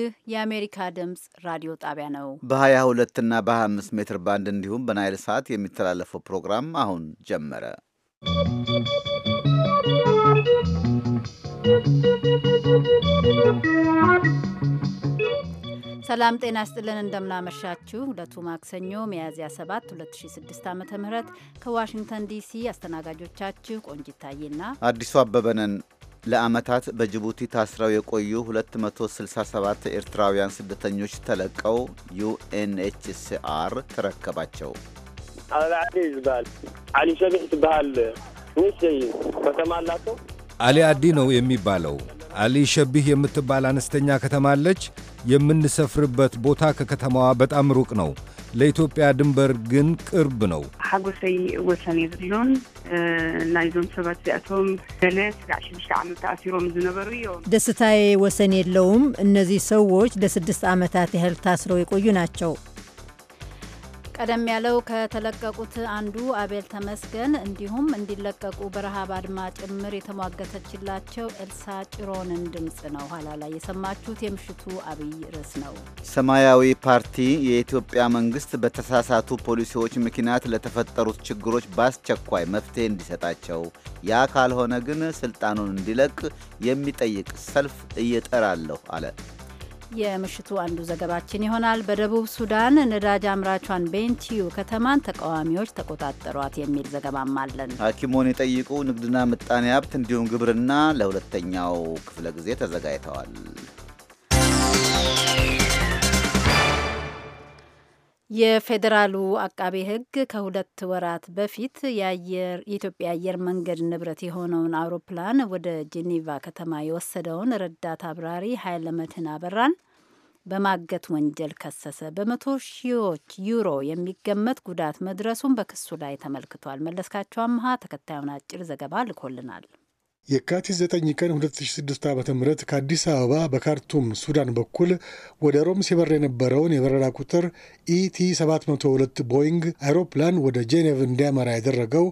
ይህ የአሜሪካ ድምፅ ራዲዮ ጣቢያ ነው። በ22 እና በ25 ሜትር ባንድ እንዲሁም በናይል ሰዓት የሚተላለፈው ፕሮግራም አሁን ጀመረ። ሰላም ጤና ስጥልን። እንደምናመሻችሁ ሁለቱ ማክሰኞ ሚያዝያ 7 2006 ዓ ም ከዋሽንግተን ዲሲ አስተናጋጆቻችሁ ቆንጂታዬና አዲሱ አበበ ነን። ለዓመታት በጅቡቲ ታስረው የቆዩ 267 ኤርትራውያን ስደተኞች ተለቀው ዩኤንኤችሲአር ተረከባቸው። ዓሊ ዝበሃል ዓሊ ሸቢሕ ትበሃል ንእሽተይ ከተማ አላቸው። አሊ አዲ ነው የሚባለው። አሊ ሸቢህ የምትባል አነስተኛ ከተማ አለች። የምንሰፍርበት ቦታ ከከተማዋ በጣም ሩቅ ነው። ለኢትዮጵያ ድንበር ግን ቅርብ ነው። ሓጎሰይ ወሰን የብሎን ናይዞም ሰባት እዚኣቶም ገለ ስጋዕ ሽዱሽተ ዓመት ተኣሲሮም ዝነበሩ እዮም። ደስታዬ ወሰን የለውም። እነዚህ ሰዎች ለስድስት ዓመታት ያህል ታስረው የቆዩ ናቸው። ቀደም ያለው ከተለቀቁት አንዱ አቤል ተመስገን እንዲሁም እንዲለቀቁ በረሃብ አድማ ጭምር የተሟገተችላቸው ኤልሳ ጭሮንን ድምፅ ነው። ኋላ ላይ የሰማችሁት የምሽቱ አብይ ርዕስ ነው። ሰማያዊ ፓርቲ የኢትዮጵያ መንግስት በተሳሳቱ ፖሊሲዎች ምክንያት ለተፈጠሩት ችግሮች በአስቸኳይ መፍትሄ እንዲሰጣቸው፣ ያ ካልሆነ ግን ስልጣኑን እንዲለቅ የሚጠይቅ ሰልፍ እየጠራለሁ አለ። የምሽቱ አንዱ ዘገባችን ይሆናል። በደቡብ ሱዳን ነዳጅ አምራቿን ቤንቲዩ ከተማን ተቃዋሚዎች ተቆጣጠሯት የሚል ዘገባም አለን። ሐኪሞን የጠይቁ ንግድና ምጣኔ ሀብት እንዲሁም ግብርና ለሁለተኛው ክፍለ ጊዜ ተዘጋጅተዋል። የፌዴራሉ አቃቤ ሕግ ከሁለት ወራት በፊት የኢትዮጵያ አየር መንገድ ንብረት የሆነውን አውሮፕላን ወደ ጄኔቫ ከተማ የወሰደውን ረዳት አብራሪ ኃይለመድህን አበራን በማገት ወንጀል ከሰሰ። በመቶ ሺዎች ዩሮ የሚገመት ጉዳት መድረሱን በክሱ ላይ ተመልክቷል። መለስካቸው አምሃ ተከታዩን አጭር ዘገባ ልኮልናል። የካቲት 9 ቀን 2006 ዓ ም ከአዲስ አበባ በካርቱም ሱዳን በኩል ወደ ሮም ሲበር የነበረውን የበረራ ቁጥር ኢቲ 702 ቦይንግ አይሮፕላን ወደ ጄኔቭ እንዲያመራ ያደረገው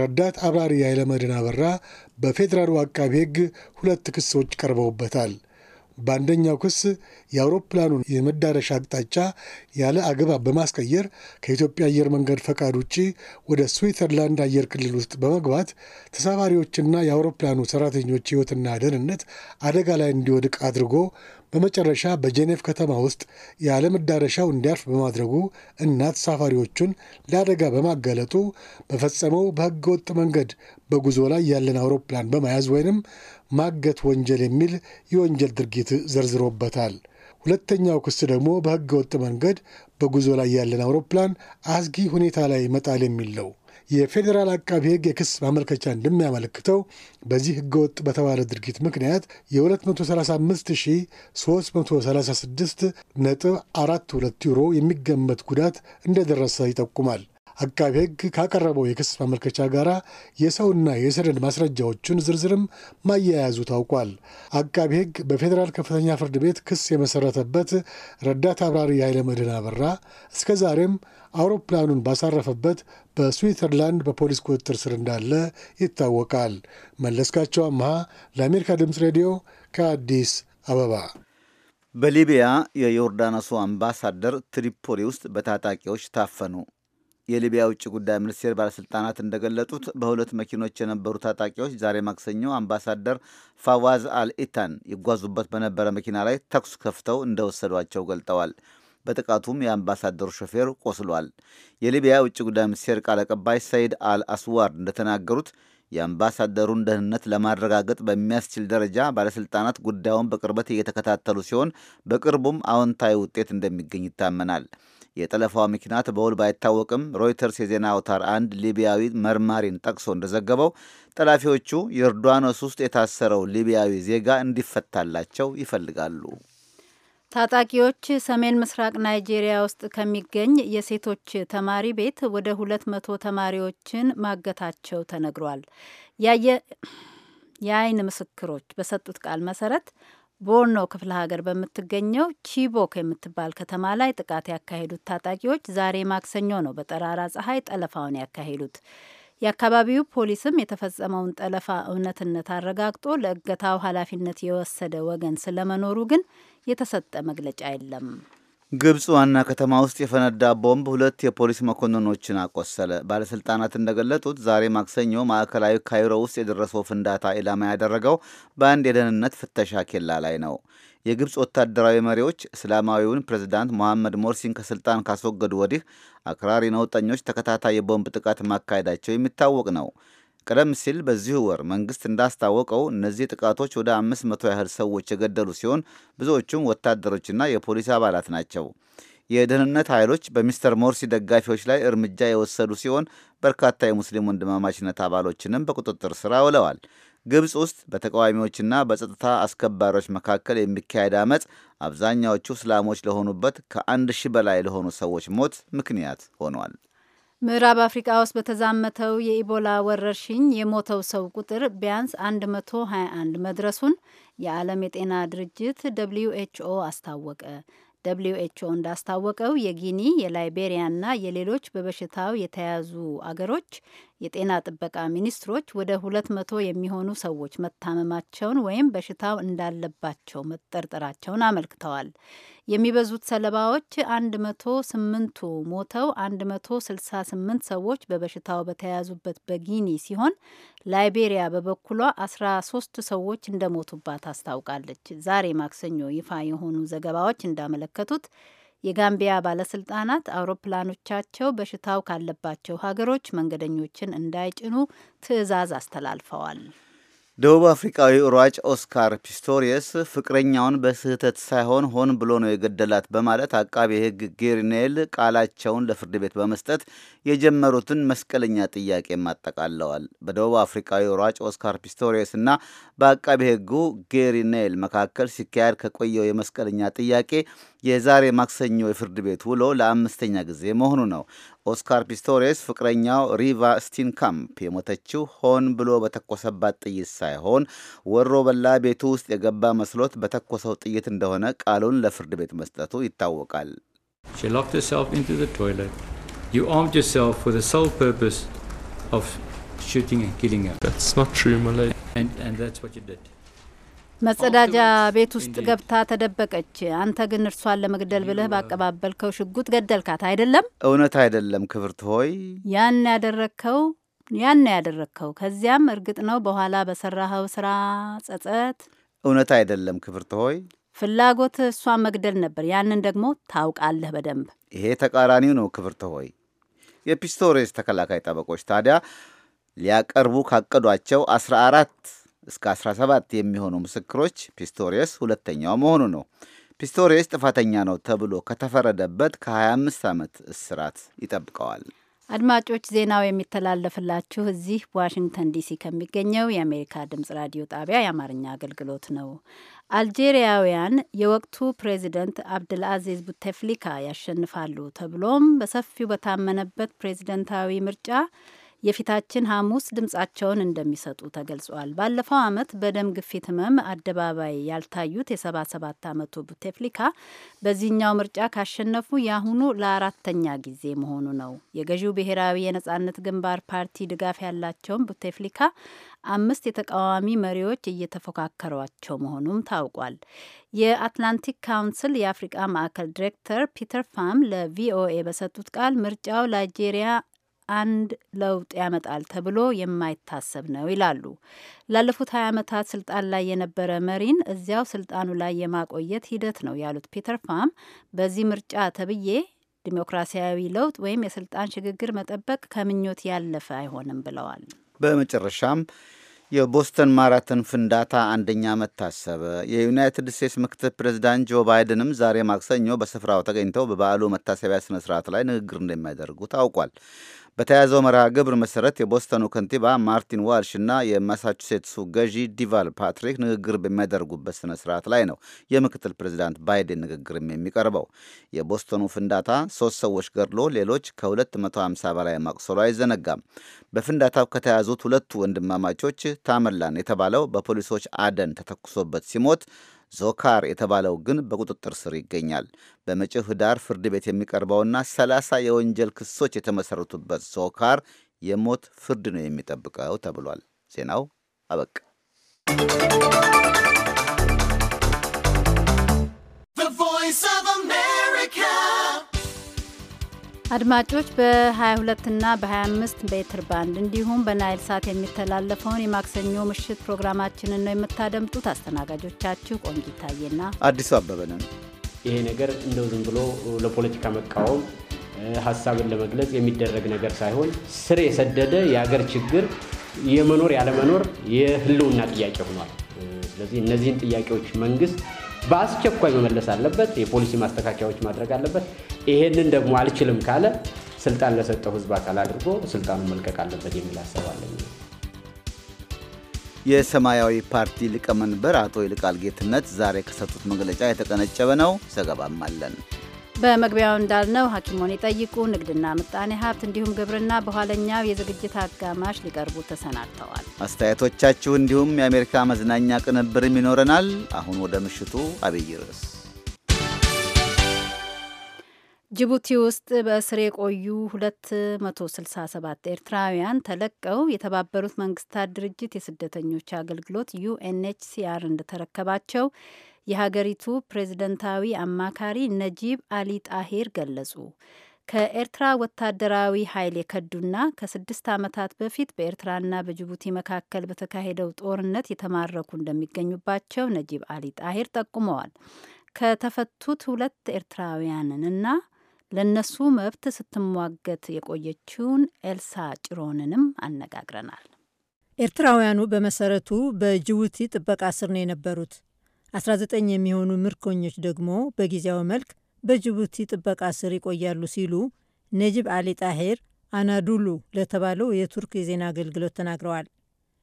ረዳት አብራሪ ኃይለመድህን አበራ በፌዴራሉ አቃቢ ሕግ ሁለት ክሶች ቀርበውበታል። በአንደኛው ክስ የአውሮፕላኑን የመዳረሻ አቅጣጫ ያለ አግባብ በማስቀየር ከኢትዮጵያ አየር መንገድ ፈቃድ ውጪ ወደ ስዊትዘርላንድ አየር ክልል ውስጥ በመግባት ተሳፋሪዎችና የአውሮፕላኑ ሰራተኞች ሕይወትና ደህንነት አደጋ ላይ እንዲወድቅ አድርጎ በመጨረሻ በጄኔቭ ከተማ ውስጥ ያለ መዳረሻው እንዲያርፍ በማድረጉ እና ተሳፋሪዎቹን ለአደጋ በማጋለጡ በፈጸመው በሕገ ወጥ መንገድ በጉዞ ላይ ያለን አውሮፕላን በመያዝ ወይንም ማገት ወንጀል የሚል የወንጀል ድርጊት ዘርዝሮበታል። ሁለተኛው ክስ ደግሞ በሕገ ወጥ መንገድ በጉዞ ላይ ያለን አውሮፕላን አስጊ ሁኔታ ላይ መጣል የሚል ነው። የፌዴራል አቃቢ ሕግ የክስ ማመልከቻ እንደሚያመለክተው በዚህ ወጥ በተባለ ድርጊት ምክንያት የ235336 ነጥብ 42 ዩሮ የሚገመት ጉዳት እንደደረሰ ይጠቁማል። አቃቢ ሕግ ካቀረበው የክስ ማመልከቻ ጋር የሰውና የሰነድ ማስረጃዎቹን ዝርዝርም ማያያዙ ታውቋል። አቃቢ ሕግ በፌዴራል ከፍተኛ ፍርድ ቤት ክስ የመሰረተበት ረዳት አብራሪ ኃይለመድህን አበራ እስከ ዛሬም አውሮፕላኑን ባሳረፈበት በስዊትዘርላንድ በፖሊስ ቁጥጥር ስር እንዳለ ይታወቃል። መለስካቸው አምሃ ለአሜሪካ ድምፅ ሬዲዮ ከአዲስ አበባ። በሊቢያ የዮርዳኖሱ አምባሳደር ትሪፖሊ ውስጥ በታጣቂዎች ታፈኑ። የሊቢያ ውጭ ጉዳይ ሚኒስቴር ባለስልጣናት እንደገለጡት በሁለት መኪኖች የነበሩ ታጣቂዎች ዛሬ ማክሰኞ አምባሳደር ፋዋዝ አልኢታን ይጓዙበት በነበረ መኪና ላይ ተኩስ ከፍተው እንደወሰዷቸው ገልጠዋል። በጥቃቱም የአምባሳደሩ ሾፌር ቆስሏል። የሊቢያ ውጭ ጉዳይ ሚኒስቴር ቃል አቀባይ ሰይድ አል አስዋር እንደተናገሩት የአምባሳደሩን ደህንነት ለማረጋገጥ በሚያስችል ደረጃ ባለስልጣናት ጉዳዩን በቅርበት እየተከታተሉ ሲሆን በቅርቡም አዎንታዊ ውጤት እንደሚገኝ ይታመናል። የጠለፋው ምክንያት በውል ባይታወቅም ሮይተርስ የዜና አውታር አንድ ሊቢያዊ መርማሪን ጠቅሶ እንደዘገበው ጠላፊዎቹ ዮርዳኖስ ውስጥ የታሰረው ሊቢያዊ ዜጋ እንዲፈታላቸው ይፈልጋሉ። ታጣቂዎች ሰሜን ምስራቅ ናይጄሪያ ውስጥ ከሚገኝ የሴቶች ተማሪ ቤት ወደ ሁለት መቶ ተማሪዎችን ማገታቸው ተነግሯል። ያየ የአይን ምስክሮች በሰጡት ቃል መሰረት ቦርኖ ክፍለ ሀገር በምትገኘው ቺቦክ የምትባል ከተማ ላይ ጥቃት ያካሄዱት ታጣቂዎች ዛሬ ማክሰኞ ነው በጠራራ ፀሐይ ጠለፋውን ያካሄዱት። የአካባቢው ፖሊስም የተፈጸመውን ጠለፋ እውነትነት አረጋግጦ ለእገታው ኃላፊነት የወሰደ ወገን ስለመኖሩ ግን የተሰጠ መግለጫ የለም። ግብፅ ዋና ከተማ ውስጥ የፈነዳ ቦምብ ሁለት የፖሊስ መኮንኖችን አቆሰለ። ባለሥልጣናት እንደገለጡት ዛሬ ማክሰኞ ማዕከላዊ ካይሮ ውስጥ የደረሰው ፍንዳታ ኢላማ ያደረገው በአንድ የደህንነት ፍተሻ ኬላ ላይ ነው። የግብፅ ወታደራዊ መሪዎች እስላማዊውን ፕሬዝዳንት መሐመድ ሞርሲን ከስልጣን ካስወገዱ ወዲህ አክራሪ ነውጠኞች ተከታታይ የቦምብ ጥቃት ማካሄዳቸው የሚታወቅ ነው። ቀደም ሲል በዚሁ ወር መንግስት እንዳስታወቀው እነዚህ ጥቃቶች ወደ 500 ያህል ሰዎች የገደሉ ሲሆን ብዙዎቹም ወታደሮችና የፖሊስ አባላት ናቸው። የደህንነት ኃይሎች በሚስተር ሞርሲ ደጋፊዎች ላይ እርምጃ የወሰዱ ሲሆን በርካታ የሙስሊም ወንድማማችነት አባሎችንም በቁጥጥር ስር አውለዋል። ግብፅ ውስጥ በተቃዋሚዎችና በጸጥታ አስከባሪዎች መካከል የሚካሄድ አመፅ አብዛኛዎቹ እስላሞች ለሆኑበት ከአንድ ሺህ በላይ ለሆኑ ሰዎች ሞት ምክንያት ሆኗል። ምዕራብ አፍሪካ ውስጥ በተዛመተው የኢቦላ ወረርሽኝ የሞተው ሰው ቁጥር ቢያንስ 121 መድረሱን የዓለም የጤና ድርጅት ደብልዩ ኤችኦ አስታወቀ። ደብልዩ እንዳስታወቀው የጊኒ የላይቤሪያና የሌሎች በበሽታው የተያዙ አገሮች የጤና ጥበቃ ሚኒስትሮች ወደ ሁለት መቶ የሚሆኑ ሰዎች መታመማቸውን ወይም በሽታው እንዳለባቸው መጠርጠራቸውን አመልክተዋል። የሚበዙት ሰለባዎች አንድ መቶ ስምንቱ ሞተው አንድ መቶ ስልሳ ስምንት ሰዎች በበሽታው በተያያዙበት በጊኒ ሲሆን ላይቤሪያ በበኩሏ አስራ ሶስት ሰዎች እንደሞቱባት አስታውቃለች። ዛሬ ማክሰኞ ይፋ የሆኑ ዘገባዎች እንዳመለከቱት የጋምቢያ ባለስልጣናት አውሮፕላኖቻቸው በሽታው ካለባቸው ሀገሮች መንገደኞችን እንዳይጭኑ ትዕዛዝ አስተላልፈዋል። ደቡብ አፍሪካዊ ሯጭ ኦስካር ፒስቶሪየስ ፍቅረኛውን በስህተት ሳይሆን ሆን ብሎ ነው የገደላት በማለት አቃቤ ሕግ ጌሪኔል ቃላቸውን ለፍርድ ቤት በመስጠት የጀመሩትን መስቀለኛ ጥያቄም አጠቃለዋል። በደቡብ አፍሪካዊ ሯጭ ኦስካር ፒስቶሪየስ እና በአቃቤ ሕጉ ጌሪኔል መካከል ሲካሄድ ከቆየው የመስቀለኛ ጥያቄ የዛሬ ማክሰኞ የፍርድ ቤት ውሎ ለአምስተኛ ጊዜ መሆኑ ነው። ኦስካር ፒስቶሬስ ፍቅረኛው ሪቫ ስቲንካምፕ የሞተችው ሆን ብሎ በተኮሰባት ጥይት ሳይሆን ወሮ በላ ቤቱ ውስጥ የገባ መስሎት በተኮሰው ጥይት እንደሆነ ቃሉን ለፍርድ ቤት መስጠቱ ይታወቃል። ሽ መጸዳጃ ቤት ውስጥ ገብታ ተደበቀች። አንተ ግን እርሷን ለመግደል ብለህ ባቀባበልከው ሽጉጥ ገደልካት አይደለም? እውነት አይደለም ክብርት ሆይ። ያን ያደረግከው ያን ያደረግከው ከዚያም እርግጥ ነው በኋላ በሰራኸው ስራ ጸጸት። እውነት አይደለም ክብርት ሆይ። ፍላጎት እሷን መግደል ነበር። ያንን ደግሞ ታውቃለህ በደንብ። ይሄ ተቃራኒው ነው ክብርት ሆይ። የፒስቶሬስ ተከላካይ ጠበቆች ታዲያ ሊያቀርቡ ካቀዷቸው አስራ አራት እስከ 17 የሚሆኑ ምስክሮች ፒስቶሪየስ ሁለተኛው መሆኑ ነው። ፒስቶሪየስ ጥፋተኛ ነው ተብሎ ከተፈረደበት ከ25 ዓመት እስራት ይጠብቀዋል። አድማጮች ዜናው የሚተላለፍላችሁ እዚህ ዋሽንግተን ዲሲ ከሚገኘው የአሜሪካ ድምጽ ራዲዮ ጣቢያ የአማርኛ አገልግሎት ነው። አልጄሪያውያን የወቅቱ ፕሬዚደንት አብድልአዚዝ ቡተፍሊካ ያሸንፋሉ ተብሎም በሰፊው በታመነበት ፕሬዚደንታዊ ምርጫ የፊታችን ሐሙስ ድምጻቸውን እንደሚሰጡ ተገልጿል። ባለፈው ዓመት በደም ግፊት ህመም አደባባይ ያልታዩት የ77 ዓመቱ ቡቴፍሊካ በዚህኛው ምርጫ ካሸነፉ የአሁኑ ለአራተኛ ጊዜ መሆኑ ነው። የገዢው ብሔራዊ የነጻነት ግንባር ፓርቲ ድጋፍ ያላቸውን ቡቴፍሊካ አምስት የተቃዋሚ መሪዎች እየተፎካከሯቸው መሆኑም ታውቋል። የአትላንቲክ ካውንስል የአፍሪቃ ማዕከል ዲሬክተር ፒተር ፋም ለቪኦኤ በሰጡት ቃል ምርጫው ላይጄሪያ አንድ ለውጥ ያመጣል ተብሎ የማይታሰብ ነው ይላሉ። ላለፉት ሀያ ዓመታት ስልጣን ላይ የነበረ መሪን እዚያው ስልጣኑ ላይ የማቆየት ሂደት ነው ያሉት ፒተር ፋም በዚህ ምርጫ ተብዬ ዲሞክራሲያዊ ለውጥ ወይም የስልጣን ሽግግር መጠበቅ ከምኞት ያለፈ አይሆንም ብለዋል። በመጨረሻም የቦስተን ማራተን ፍንዳታ አንደኛ ዓመት ታሰበ። የዩናይትድ ስቴትስ ምክትል ፕሬዚዳንት ጆ ባይደንም ዛሬ ማክሰኞ በስፍራው ተገኝተው በበዓሉ መታሰቢያ ስነ ስርዓት ላይ ንግግር እንደሚያደርጉ ታውቋል። በተያያዘው መርሃ ግብር መሰረት የቦስተኑ ከንቲባ ማርቲን ዋልሽ እና የማሳቹሴትሱ ገዢ ዲቫል ፓትሪክ ንግግር በሚያደርጉበት ስነ ስርዓት ላይ ነው የምክትል ፕሬዚዳንት ባይደን ንግግርም የሚቀርበው። የቦስተኑ ፍንዳታ ሶስት ሰዎች ገድሎ ሌሎች ከ250 በላይ ማቁሰሉ አይዘነጋም። በፍንዳታው ከተያዙት ሁለቱ ወንድማማቾች ታመላን የተባለው በፖሊሶች አደን ተተኩሶበት ሲሞት ዞካር የተባለው ግን በቁጥጥር ስር ይገኛል። በመጪው ህዳር ፍርድ ቤት የሚቀርበውና ሰላሳ የወንጀል ክሶች የተመሰረቱበት ዞካር የሞት ፍርድ ነው የሚጠብቀው ተብሏል። ዜናው አበቃ። አድማጮች በ22 እና በ25 ሜትር ባንድ እንዲሁም በናይል ሳት የሚተላለፈውን የማክሰኞ ምሽት ፕሮግራማችንን ነው የምታደምጡት። አስተናጋጆቻችሁ ቆንጂ ታዬና አዲሱ አበበ ነን። ይሄ ነገር እንደው ዝም ብሎ ለፖለቲካ መቃወም ሀሳብን ለመግለጽ የሚደረግ ነገር ሳይሆን ስር የሰደደ የሀገር ችግር የመኖር ያለመኖር የህልውና ጥያቄ ሆኗል። ስለዚህ እነዚህን ጥያቄዎች መንግስት በአስቸኳይ መመለስ አለበት። የፖሊሲ ማስተካከያዎች ማድረግ አለበት። ይሄንን ደግሞ አልችልም ካለ ስልጣን ለሰጠው ህዝብ አካል አድርጎ ስልጣኑ መልቀቅ አለበት የሚል አሰባለኝ። የሰማያዊ ፓርቲ ሊቀመንበር አቶ ይልቃል ጌትነት ዛሬ ከሰጡት መግለጫ የተቀነጨበ ነው። ዘገባም አለን። በመግቢያው እንዳልነው ሐኪሞን ይጠይቁ፣ ንግድና ምጣኔ ሀብት እንዲሁም ግብርና በኋለኛው የዝግጅት አጋማሽ ሊቀርቡ ተሰናድተዋል። አስተያየቶቻችሁ እንዲሁም የአሜሪካ መዝናኛ ቅንብርም ይኖረናል። አሁን ወደ ምሽቱ አብይ ርዕስ ጅቡቲ ውስጥ በእስር የቆዩ 267 ኤርትራውያን ተለቀው የተባበሩት መንግስታት ድርጅት የስደተኞች አገልግሎት ዩኤንኤችሲአር እንደተረከባቸው የሀገሪቱ ፕሬዝደንታዊ አማካሪ ነጂብ አሊ ጣሂር ገለጹ። ከኤርትራ ወታደራዊ ኃይል የከዱና ከስድስት ዓመታት በፊት በኤርትራና በጅቡቲ መካከል በተካሄደው ጦርነት የተማረኩ እንደሚገኙባቸው ነጂብ አሊ ጣሂር ጠቁመዋል። ከተፈቱት ሁለት እና ለእነሱ መብት ስትሟገት የቆየችውን ኤልሳ ጭሮንንም አነጋግረናል። ኤርትራውያኑ በመሰረቱ በጅቡቲ ጥበቃ ስር ነው የነበሩት። 19 የሚሆኑ ምርኮኞች ደግሞ በጊዜያዊ መልክ በጅቡቲ ጥበቃ ስር ይቆያሉ ሲሉ ነጅብ አሊ ጣሄር አናዱሉ ለተባለው የቱርክ የዜና አገልግሎት ተናግረዋል።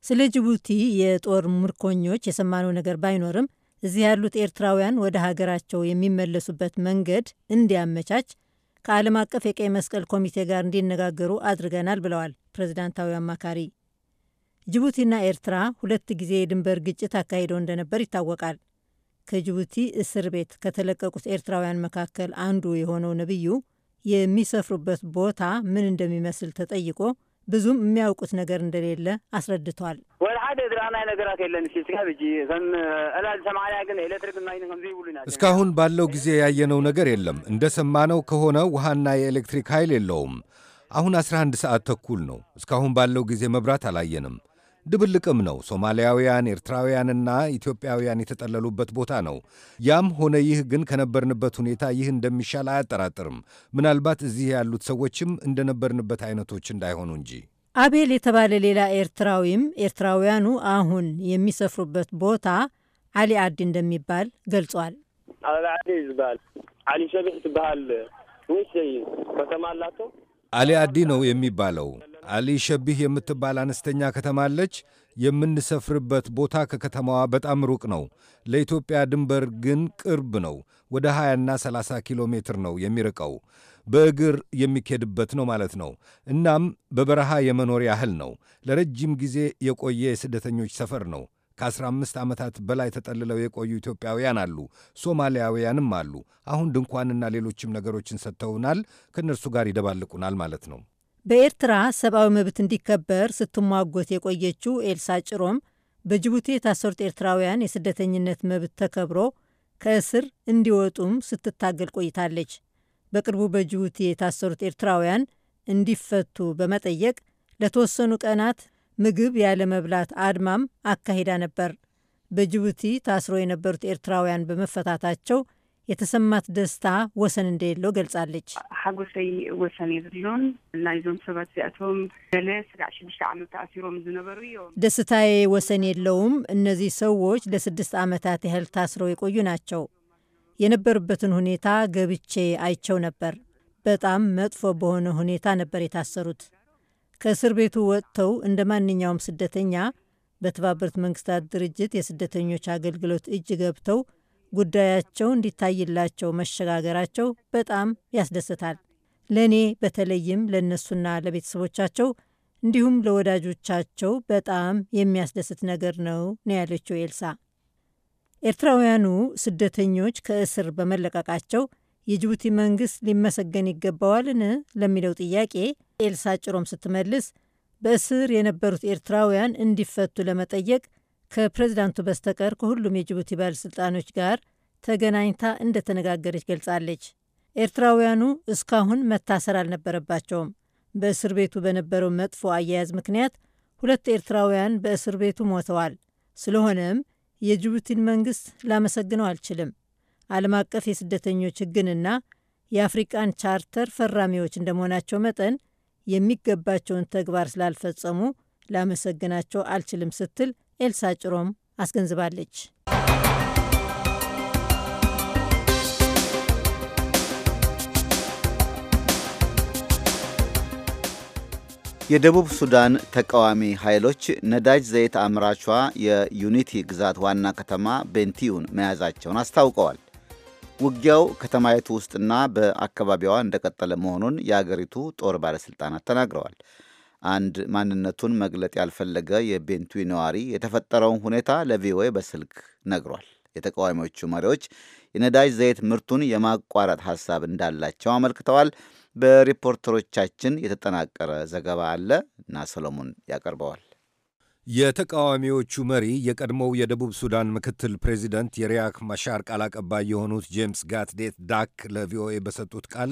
ስለ ጅቡቲ የጦር ምርኮኞች የሰማነው ነገር ባይኖርም እዚህ ያሉት ኤርትራውያን ወደ ሀገራቸው የሚመለሱበት መንገድ እንዲያመቻች ከዓለም አቀፍ የቀይ መስቀል ኮሚቴ ጋር እንዲነጋገሩ አድርገናል ብለዋል ፕሬዚዳንታዊ አማካሪ። ጅቡቲና ኤርትራ ሁለት ጊዜ የድንበር ግጭት አካሂደው እንደነበር ይታወቃል። ከጅቡቲ እስር ቤት ከተለቀቁት ኤርትራውያን መካከል አንዱ የሆነው ነቢዩ የሚሰፍሩበት ቦታ ምን እንደሚመስል ተጠይቆ ብዙም የሚያውቁት ነገር እንደሌለ አስረድቷል። እስካሁን ባለው ጊዜ ያየነው ነገር የለም። እንደሰማነው ከሆነ ውሃና የኤሌክትሪክ ኃይል የለውም። አሁን 11 ሰዓት ተኩል ነው። እስካሁን ባለው ጊዜ መብራት አላየንም። ድብልቅም ነው። ሶማሊያውያን ኤርትራውያንና ኢትዮጵያውያን የተጠለሉበት ቦታ ነው። ያም ሆነ ይህ ግን ከነበርንበት ሁኔታ ይህ እንደሚሻል አያጠራጥርም። ምናልባት እዚህ ያሉት ሰዎችም እንደነበርንበት አይነቶች እንዳይሆኑ እንጂ አቤል የተባለ ሌላ ኤርትራዊም ኤርትራውያኑ አሁን የሚሰፍሩበት ቦታ ዓሊ አዲ እንደሚባል ገልጿል። ዓሊ ዝበሃል ዓሊ ሸቢሕ ትበሃል ውሽይ ከተማ አላቸው። አሊ አዲ ነው የሚባለው። አሊ ሸቢህ የምትባል አነስተኛ ከተማ አለች። የምንሰፍርበት ቦታ ከከተማዋ በጣም ሩቅ ነው። ለኢትዮጵያ ድንበር ግን ቅርብ ነው። ወደ 20ና 30 ኪሎ ሜትር ነው የሚርቀው። በእግር የሚኬድበት ነው ማለት ነው። እናም በበረሃ የመኖር ያህል ነው። ለረጅም ጊዜ የቆየ የስደተኞች ሰፈር ነው። ከ15 ዓመታት በላይ ተጠልለው የቆዩ ኢትዮጵያውያን አሉ፣ ሶማሊያውያንም አሉ። አሁን ድንኳንና ሌሎችም ነገሮችን ሰጥተውናል። ከእነርሱ ጋር ይደባልቁናል ማለት ነው። በኤርትራ ሰብአዊ መብት እንዲከበር ስትሟጎት የቆየችው ኤልሳ ጭሮም በጅቡቲ የታሰሩት ኤርትራውያን የስደተኝነት መብት ተከብሮ ከእስር እንዲወጡም ስትታገል ቆይታለች። በቅርቡ በጅቡቲ የታሰሩት ኤርትራውያን እንዲፈቱ በመጠየቅ ለተወሰኑ ቀናት ምግብ ያለ መብላት አድማም አካሂዳ ነበር። በጅቡቲ ታስሮ የነበሩት ኤርትራውያን በመፈታታቸው የተሰማት ደስታ ወሰን እንደሌለው ገልጻለች። ሓጎሰይ ወሰን የብሎን ናይዞም ሰባት እዚኣቶም ገለ ስጋዕ ሽዱሽተ ዓመት ተኣሲሮም ዝነበሩ እዮም። ደስታዬ ወሰን የለውም። እነዚህ ሰዎች ለስድስት ዓመታት ያህል ታስረው የቆዩ ናቸው። የነበሩበትን ሁኔታ ገብቼ አይቸው ነበር። በጣም መጥፎ በሆነ ሁኔታ ነበር የታሰሩት። ከእስር ቤቱ ወጥተው እንደ ማንኛውም ስደተኛ በተባበሩት መንግስታት ድርጅት የስደተኞች አገልግሎት እጅ ገብተው ጉዳያቸው እንዲታይላቸው መሸጋገራቸው በጣም ያስደስታል። ለእኔ በተለይም ለእነሱና ለቤተሰቦቻቸው እንዲሁም ለወዳጆቻቸው በጣም የሚያስደስት ነገር ነው ነው ያለችው ኤልሳ። ኤርትራውያኑ ስደተኞች ከእስር በመለቀቃቸው የጅቡቲ መንግስት ሊመሰገን ይገባዋልን ለሚለው ጥያቄ ኤልሳ ጭሮም ስትመልስ በእስር የነበሩት ኤርትራውያን እንዲፈቱ ለመጠየቅ ከፕሬዚዳንቱ በስተቀር ከሁሉም የጅቡቲ ባለሥልጣኖች ጋር ተገናኝታ እንደተነጋገረች ገልጻለች። ኤርትራውያኑ እስካሁን መታሰር አልነበረባቸውም። በእስር ቤቱ በነበረው መጥፎ አያያዝ ምክንያት ሁለት ኤርትራውያን በእስር ቤቱ ሞተዋል። ስለሆነም የጅቡቲን መንግስት ላመሰግነው አልችልም። ዓለም አቀፍ የስደተኞች ሕግንና የአፍሪቃን ቻርተር ፈራሚዎች እንደመሆናቸው መጠን የሚገባቸውን ተግባር ስላልፈጸሙ ላመሰግናቸው አልችልም ስትል ኤልሳ ጭሮም አስገንዝባለች። የደቡብ ሱዳን ተቃዋሚ ኃይሎች ነዳጅ ዘይት አምራቿ የዩኒቲ ግዛት ዋና ከተማ ቤንቲዩን መያዛቸውን አስታውቀዋል። ውጊያው ከተማይቱ ውስጥና በአካባቢዋ እንደቀጠለ መሆኑን የአገሪቱ ጦር ባለሥልጣናት ተናግረዋል። አንድ ማንነቱን መግለጥ ያልፈለገ የቤንቱ ነዋሪ የተፈጠረውን ሁኔታ ለቪኦኤ በስልክ ነግሯል። የተቃዋሚዎቹ መሪዎች የነዳጅ ዘይት ምርቱን የማቋረጥ ሀሳብ እንዳላቸው አመልክተዋል። በሪፖርተሮቻችን የተጠናቀረ ዘገባ አለ እና ሰሎሞን ያቀርበዋል። የተቃዋሚዎቹ መሪ የቀድሞው የደቡብ ሱዳን ምክትል ፕሬዚደንት የሪያክ ማሻር ቃል አቀባይ የሆኑት ጄምስ ጋትዴት ዳክ ለቪኦኤ በሰጡት ቃል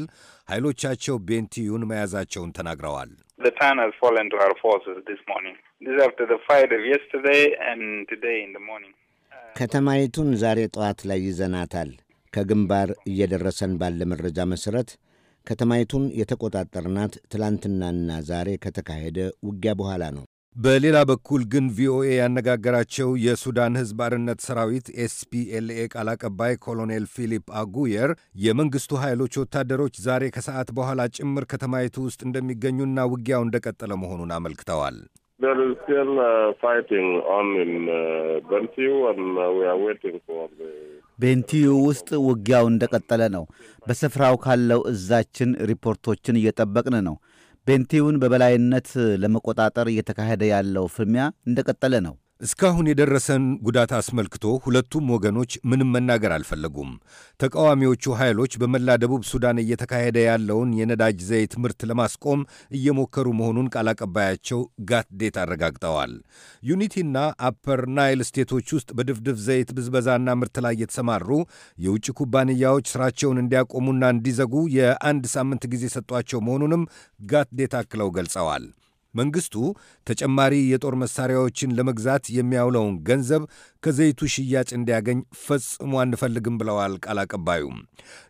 ኃይሎቻቸው ቤንቲዩን መያዛቸውን ተናግረዋል። ከተማይቱን ዛሬ ጠዋት ላይ ይዘናታል። ከግንባር እየደረሰን ባለ መረጃ መሠረት ከተማይቱን የተቆጣጠርናት ትላንትናና ዛሬ ከተካሄደ ውጊያ በኋላ ነው። በሌላ በኩል ግን ቪኦኤ ያነጋገራቸው የሱዳን ሕዝብ አርነት ሰራዊት ኤስፒኤልኤ ቃል አቀባይ ኮሎኔል ፊሊፕ አጉየር የመንግሥቱ ኃይሎች ወታደሮች ዛሬ ከሰዓት በኋላ ጭምር ከተማይቱ ውስጥ እንደሚገኙና ውጊያው እንደቀጠለ መሆኑን አመልክተዋል። ቤንቲዩ uh, uh, uh, ውስጥ ውጊያው እንደቀጠለ ነው። በስፍራው ካለው እዛችን ሪፖርቶችን እየጠበቅን ነው። ቤንቲውን በበላይነት ለመቆጣጠር እየተካሄደ ያለው ፍልሚያ እንደቀጠለ ነው። እስካሁን የደረሰን ጉዳት አስመልክቶ ሁለቱም ወገኖች ምንም መናገር አልፈለጉም። ተቃዋሚዎቹ ኃይሎች በመላ ደቡብ ሱዳን እየተካሄደ ያለውን የነዳጅ ዘይት ምርት ለማስቆም እየሞከሩ መሆኑን ቃል አቀባያቸው ጋት ዴት አረጋግጠዋል። ዩኒቲና አፐር ናይል ስቴቶች ውስጥ በድፍድፍ ዘይት ብዝበዛና ምርት ላይ የተሰማሩ የውጭ ኩባንያዎች ስራቸውን እንዲያቆሙና እንዲዘጉ የአንድ ሳምንት ጊዜ ሰጧቸው መሆኑንም ጋት ዴት አክለው ገልጸዋል። መንግሥቱ ተጨማሪ የጦር መሣሪያዎችን ለመግዛት የሚያውለውን ገንዘብ ከዘይቱ ሽያጭ እንዲያገኝ ፈጽሞ አንፈልግም ብለዋል ቃል አቀባዩ።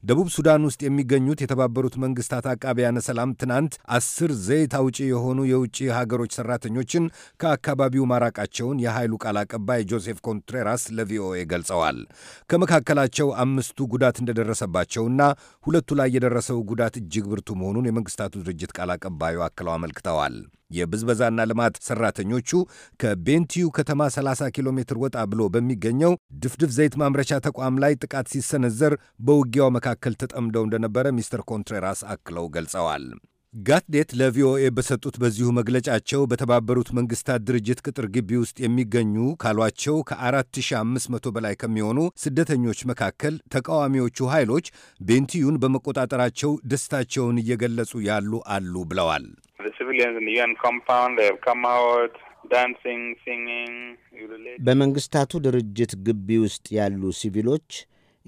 ደቡብ ሱዳን ውስጥ የሚገኙት የተባበሩት መንግስታት አቃቢያነ ሰላም ትናንት አስር ዘይት አውጪ የሆኑ የውጭ ሀገሮች ሰራተኞችን ከአካባቢው ማራቃቸውን የኃይሉ ቃል አቀባይ ጆሴፍ ኮንትሬራስ ለቪኦኤ ገልጸዋል። ከመካከላቸው አምስቱ ጉዳት እንደደረሰባቸውና ሁለቱ ላይ የደረሰው ጉዳት እጅግ ብርቱ መሆኑን የመንግስታቱ ድርጅት ቃል አቀባዩ አክለው አመልክተዋል። የብዝበዛና ልማት ሰራተኞቹ ከቤንቲዩ ከተማ 30 ኪሎ ሜትር ወጣ ብሎ በሚገኘው ድፍድፍ ዘይት ማምረቻ ተቋም ላይ ጥቃት ሲሰነዘር በውጊያው መካከል ተጠምደው እንደነበረ ሚስተር ኮንትሬራስ አክለው ገልጸዋል። ጋትዴት ለቪኦኤ በሰጡት በዚሁ መግለጫቸው በተባበሩት መንግስታት ድርጅት ቅጥር ግቢ ውስጥ የሚገኙ ካሏቸው ከ4500 በላይ ከሚሆኑ ስደተኞች መካከል ተቃዋሚዎቹ ኃይሎች ቤንቲዩን በመቆጣጠራቸው ደስታቸውን እየገለጹ ያሉ አሉ ብለዋል። በመንግስታቱ ድርጅት ግቢ ውስጥ ያሉ ሲቪሎች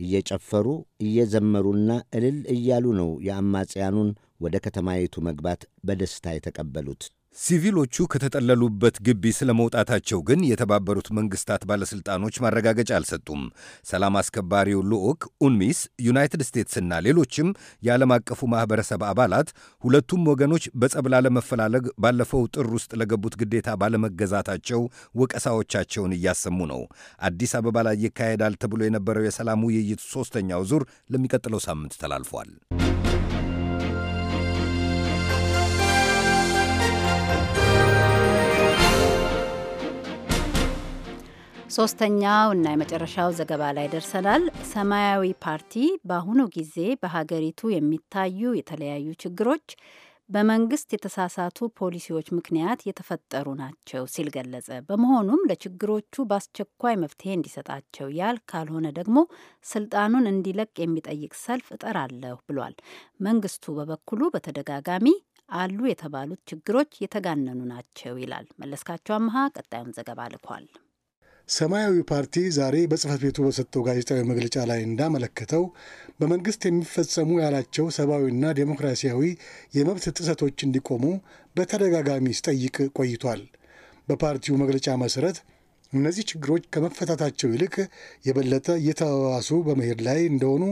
እየጨፈሩ እየዘመሩና እልል እያሉ ነው የአማጽያኑን ወደ ከተማይቱ መግባት በደስታ የተቀበሉት። ሲቪሎቹ ከተጠለሉበት ግቢ ስለመውጣታቸው ግን የተባበሩት መንግስታት ባለሥልጣኖች ማረጋገጫ አልሰጡም። ሰላም አስከባሪው ልዑክ ኡንሚስ፣ ዩናይትድ ስቴትስና ሌሎችም የዓለም አቀፉ ማኅበረሰብ አባላት ሁለቱም ወገኖች በጸብ ላለመፈላለግ ባለፈው ጥር ውስጥ ለገቡት ግዴታ ባለመገዛታቸው ወቀሳዎቻቸውን እያሰሙ ነው። አዲስ አበባ ላይ ይካሄዳል ተብሎ የነበረው የሰላም ውይይት ሦስተኛው ዙር ለሚቀጥለው ሳምንት ተላልፏል። ሶስተኛው እና የመጨረሻው ዘገባ ላይ ደርሰናል። ሰማያዊ ፓርቲ በአሁኑ ጊዜ በሀገሪቱ የሚታዩ የተለያዩ ችግሮች በመንግስት የተሳሳቱ ፖሊሲዎች ምክንያት የተፈጠሩ ናቸው ሲል ገለጸ። በመሆኑም ለችግሮቹ በአስቸኳይ መፍትሄ እንዲሰጣቸው ያል ካልሆነ ደግሞ ስልጣኑን እንዲለቅ የሚጠይቅ ሰልፍ እጠራለሁ ብሏል። መንግስቱ በበኩሉ በተደጋጋሚ አሉ የተባሉት ችግሮች የተጋነኑ ናቸው ይላል። መለስካቸው አመሀ ቀጣዩን ዘገባ ልኳል። ሰማያዊ ፓርቲ ዛሬ በጽህፈት ቤቱ በሰጠው ጋዜጣዊ መግለጫ ላይ እንዳመለከተው በመንግስት የሚፈጸሙ ያላቸው ሰብአዊና ዴሞክራሲያዊ የመብት ጥሰቶች እንዲቆሙ በተደጋጋሚ ሲጠይቅ ቆይቷል። በፓርቲው መግለጫ መሰረት እነዚህ ችግሮች ከመፈታታቸው ይልቅ የበለጠ እየተባባሱ በመሄድ ላይ እንደሆኑ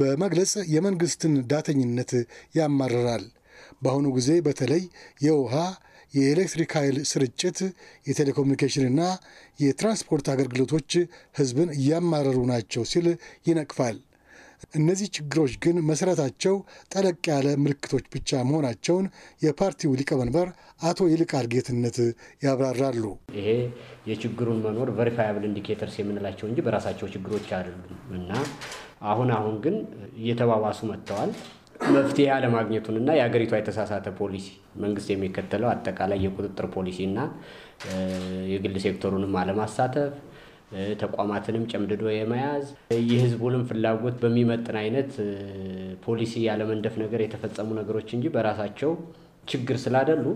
በመግለጽ የመንግስትን ዳተኝነት ያማርራል። በአሁኑ ጊዜ በተለይ የውሃ የኤሌክትሪክ ኃይል ስርጭት፣ የቴሌኮሙኒኬሽንና የትራንስፖርት አገልግሎቶች ህዝብን እያማረሩ ናቸው ሲል ይነቅፋል። እነዚህ ችግሮች ግን መሰረታቸው ጠለቅ ያለ ምልክቶች ብቻ መሆናቸውን የፓርቲው ሊቀመንበር አቶ ይልቃል ጌትነት ያብራራሉ። ይሄ የችግሩን መኖር ቨሪፋያብል ኢንዲኬተርስ የምንላቸው እንጂ በራሳቸው ችግሮች አይደሉም እና አሁን አሁን ግን እየተባባሱ መጥተዋል። መፍትሄ እና የሀገሪቷ የተሳሳተ ፖሊሲ መንግስት የሚከተለው አጠቃላይ የቁጥጥር ፖሊሲ እና የግል ሴክተሩንም አለማሳተፍ ተቋማትንም ጨምድዶ የመያዝ የህዝቡንም ፍላጎት በሚመጥን አይነት ፖሊሲ ያለመንደፍ ነገር የተፈጸሙ ነገሮች እንጂ በራሳቸው ችግር ስላደሉ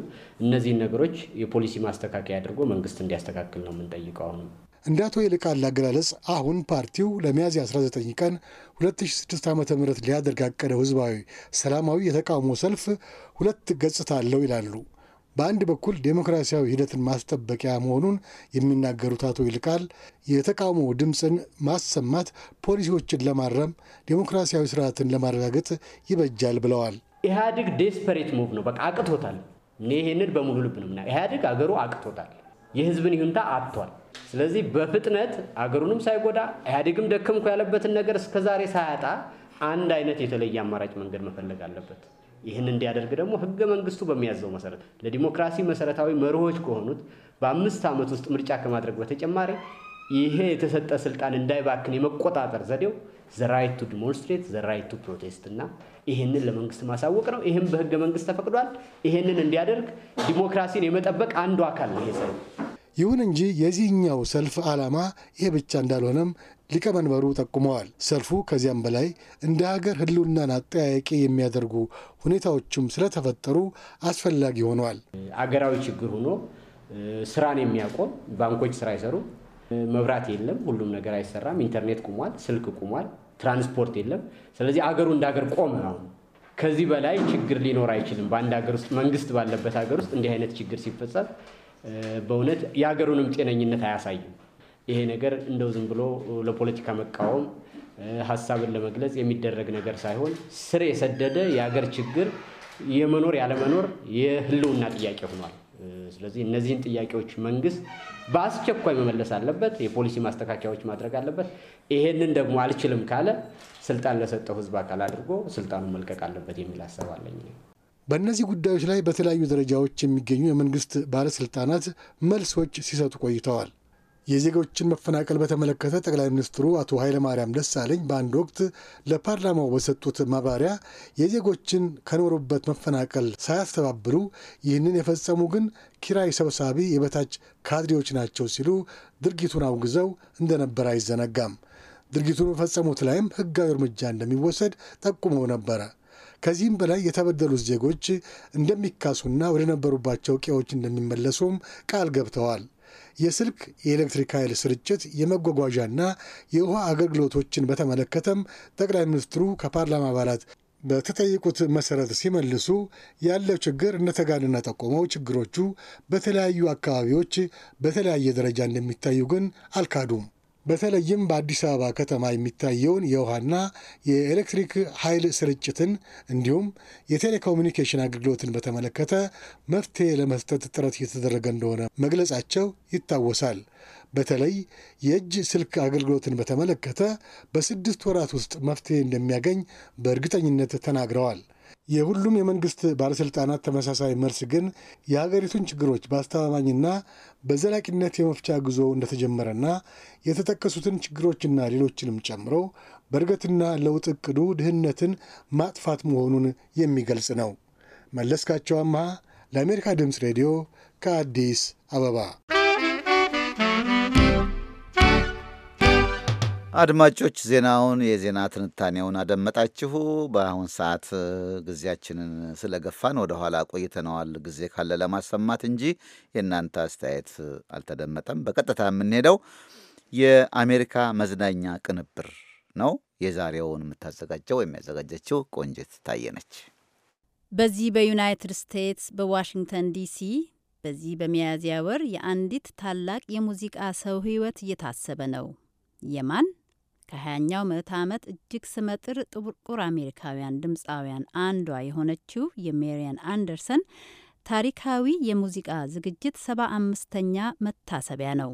እነዚህን ነገሮች የፖሊሲ ማስተካከያ አድርጎ መንግስት እንዲያስተካክል ነው የምንጠይቀው አሁንም እንደ አቶ ይልቃል አገላለጽ አሁን ፓርቲው ለሚያዝያ 19 ቀን 2006 ዓ ም ሊያደርግ ያቀደው ህዝባዊ ሰላማዊ የተቃውሞ ሰልፍ ሁለት ገጽታ አለው ይላሉ። በአንድ በኩል ዴሞክራሲያዊ ሂደትን ማስጠበቂያ መሆኑን የሚናገሩት አቶ ይልቃል የተቃውሞ ድምፅን ማሰማት ፖሊሲዎችን ለማረም ዴሞክራሲያዊ ስርዓትን ለማረጋገጥ ይበጃል ብለዋል። ኢህአዴግ ዴስፐሬት ሙቭ ነው፣ በቃ አቅቶታል። ይህንን በሙሉ ልብ ነው ኢህአዴግ አገሩ አቅቶታል የህዝብን ይሁንታ አጥቷል። ስለዚህ በፍጥነት አገሩንም ሳይጎዳ ኢህአዴግም ደከምኩ ያለበትን ነገር እስከዛሬ ሳያጣ አንድ አይነት የተለየ አማራጭ መንገድ መፈለግ አለበት። ይህን እንዲያደርግ ደግሞ ህገ መንግስቱ በሚያዘው መሰረት ለዲሞክራሲ መሰረታዊ መርሆች ከሆኑት በአምስት ዓመት ውስጥ ምርጫ ከማድረግ በተጨማሪ ይሄ የተሰጠ ስልጣን እንዳይባክን የመቆጣጠር ዘዴው ዘ ራይት ቱ ዲሞንስትሬት ዘ ራይት ቱ ፕሮቴስት እና ይሄንን ለመንግስት ማሳወቅ ነው። ይሄን በህገ መንግስት ተፈቅዷል። ይሄንን እንዲያደርግ ዲሞክራሲን የመጠበቅ አንዱ አካል ነው ይሄ ሰልፍ። ይሁን እንጂ የዚህኛው ሰልፍ ዓላማ ይሄ ብቻ እንዳልሆነም ሊቀመንበሩ ጠቁመዋል። ሰልፉ ከዚያም በላይ እንደ ሀገር ህልውናን አጠያቂ የሚያደርጉ ሁኔታዎችም ስለተፈጠሩ አስፈላጊ ሆኗል። አገራዊ ችግር ሆኖ ስራን የሚያቆም ባንኮች ስራ አይሰሩም መብራት የለም፣ ሁሉም ነገር አይሰራም፣ ኢንተርኔት ቁሟል፣ ስልክ ቁሟል፣ ትራንስፖርት የለም። ስለዚህ አገሩ እንደ አገር ቆመ። አሁን ከዚህ በላይ ችግር ሊኖር አይችልም። በአንድ ሀገር ውስጥ መንግስት ባለበት ሀገር ውስጥ እንዲህ አይነት ችግር ሲፈጸም በእውነት የሀገሩንም ጤነኝነት አያሳይም። ይሄ ነገር እንደው ዝም ብሎ ለፖለቲካ መቃወም ሀሳብን ለመግለጽ የሚደረግ ነገር ሳይሆን ስር የሰደደ የሀገር ችግር የመኖር ያለመኖር የህልውና ጥያቄ ሆኗል። ስለዚህ እነዚህን ጥያቄዎች መንግስት በአስቸኳይ መመለስ አለበት፣ የፖሊሲ ማስተካከያዎች ማድረግ አለበት። ይሄንን ደግሞ አልችልም ካለ ስልጣን ለሰጠው ህዝብ አካል አድርጎ ስልጣኑን መልቀቅ አለበት የሚል አሰብ አለኝ። በእነዚህ ጉዳዮች ላይ በተለያዩ ደረጃዎች የሚገኙ የመንግስት ባለስልጣናት መልሶች ሲሰጡ ቆይተዋል። የዜጎችን መፈናቀል በተመለከተ ጠቅላይ ሚኒስትሩ አቶ ኃይለማርያም ደሳለኝ በአንድ ወቅት ለፓርላማው በሰጡት ማብራሪያ የዜጎችን ከኖሩበት መፈናቀል ሳያስተባብሉ ይህንን የፈጸሙ ግን ኪራይ ሰብሳቢ የበታች ካድሬዎች ናቸው ሲሉ ድርጊቱን አውግዘው እንደነበር አይዘነጋም። ድርጊቱን በፈጸሙት ላይም ሕጋዊ እርምጃ እንደሚወሰድ ጠቁመው ነበረ። ከዚህም በላይ የተበደሉት ዜጎች እንደሚካሱና ወደ ነበሩባቸው ቀዬዎች እንደሚመለሱም ቃል ገብተዋል። የስልክ፣ የኤሌክትሪክ ኃይል ስርጭት፣ የመጓጓዣና የውሃ አገልግሎቶችን በተመለከተም ጠቅላይ ሚኒስትሩ ከፓርላማ አባላት በተጠየቁት መሰረት ሲመልሱ ያለው ችግር እንደተጋንና ጠቆመው ችግሮቹ በተለያዩ አካባቢዎች በተለያየ ደረጃ እንደሚታዩ ግን አልካዱም። በተለይም በአዲስ አበባ ከተማ የሚታየውን የውሃና የኤሌክትሪክ ኃይል ስርጭትን እንዲሁም የቴሌኮሙኒኬሽን አገልግሎትን በተመለከተ መፍትሄ ለመስጠት ጥረት እየተደረገ እንደሆነ መግለጻቸው ይታወሳል። በተለይ የእጅ ስልክ አገልግሎትን በተመለከተ በስድስት ወራት ውስጥ መፍትሄ እንደሚያገኝ በእርግጠኝነት ተናግረዋል። የሁሉም የመንግስት ባለሥልጣናት ተመሳሳይ መልስ ግን የሀገሪቱን ችግሮች በአስተማማኝና በዘላቂነት የመፍቻ ጉዞ እንደተጀመረና የተጠቀሱትን ችግሮችና ሌሎችንም ጨምሮ በእርገትና ለውጥ እቅዱ ድህነትን ማጥፋት መሆኑን የሚገልጽ ነው። መለስካቸው አምሃ ለአሜሪካ ድምፅ ሬዲዮ ከአዲስ አበባ አድማጮች ዜናውን የዜና ትንታኔውን አደመጣችሁ። በአሁን ሰዓት ጊዜያችንን ስለገፋን ወደ ኋላ ቆይተነዋል። ጊዜ ካለ ለማሰማት እንጂ የእናንተ አስተያየት አልተደመጠም። በቀጥታ የምንሄደው የአሜሪካ መዝናኛ ቅንብር ነው። የዛሬውን የምታዘጋጀው ወይም ያዘጋጀችው ቆንጅት ታየነች። በዚህ በዩናይትድ ስቴትስ በዋሽንግተን ዲሲ በዚህ በሚያዝያ ወር የአንዲት ታላቅ የሙዚቃ ሰው ሕይወት እየታሰበ ነው። የማን ከ ምዕት ኛው ዓመት እጅግ ስመጥር ጥቁር አሜሪካውያን ድምፃውያን አንዷ የሆነችው የሜሪያን አንደርሰን ታሪካዊ የሙዚቃ ዝግጅት ሰባ አምስተኛ መታሰቢያ ነው።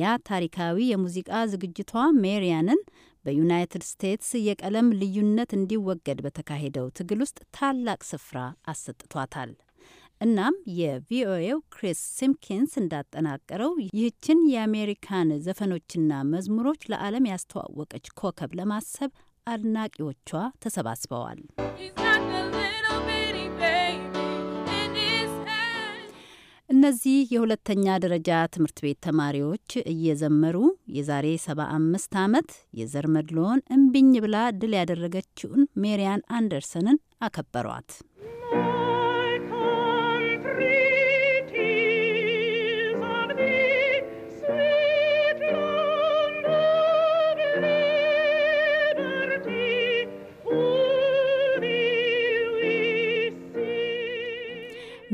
ያ ታሪካዊ የሙዚቃ ዝግጅቷ ሜሪያንን በዩናይትድ ስቴትስ የቀለም ልዩነት እንዲወገድ በተካሄደው ትግል ውስጥ ታላቅ ስፍራ አሰጥቷታል። እናም የቪኦኤው ክሪስ ሲምኪንስ እንዳጠናቀረው ይህችን የአሜሪካን ዘፈኖችና መዝሙሮች ለዓለም ያስተዋወቀች ኮከብ ለማሰብ አድናቂዎቿ ተሰባስበዋል። እነዚህ የሁለተኛ ደረጃ ትምህርት ቤት ተማሪዎች እየዘመሩ የዛሬ 75 ዓመት የዘር መድሎን እምቢኝ ብላ ድል ያደረገችውን ሜሪያን አንደርሰንን አከበሯት።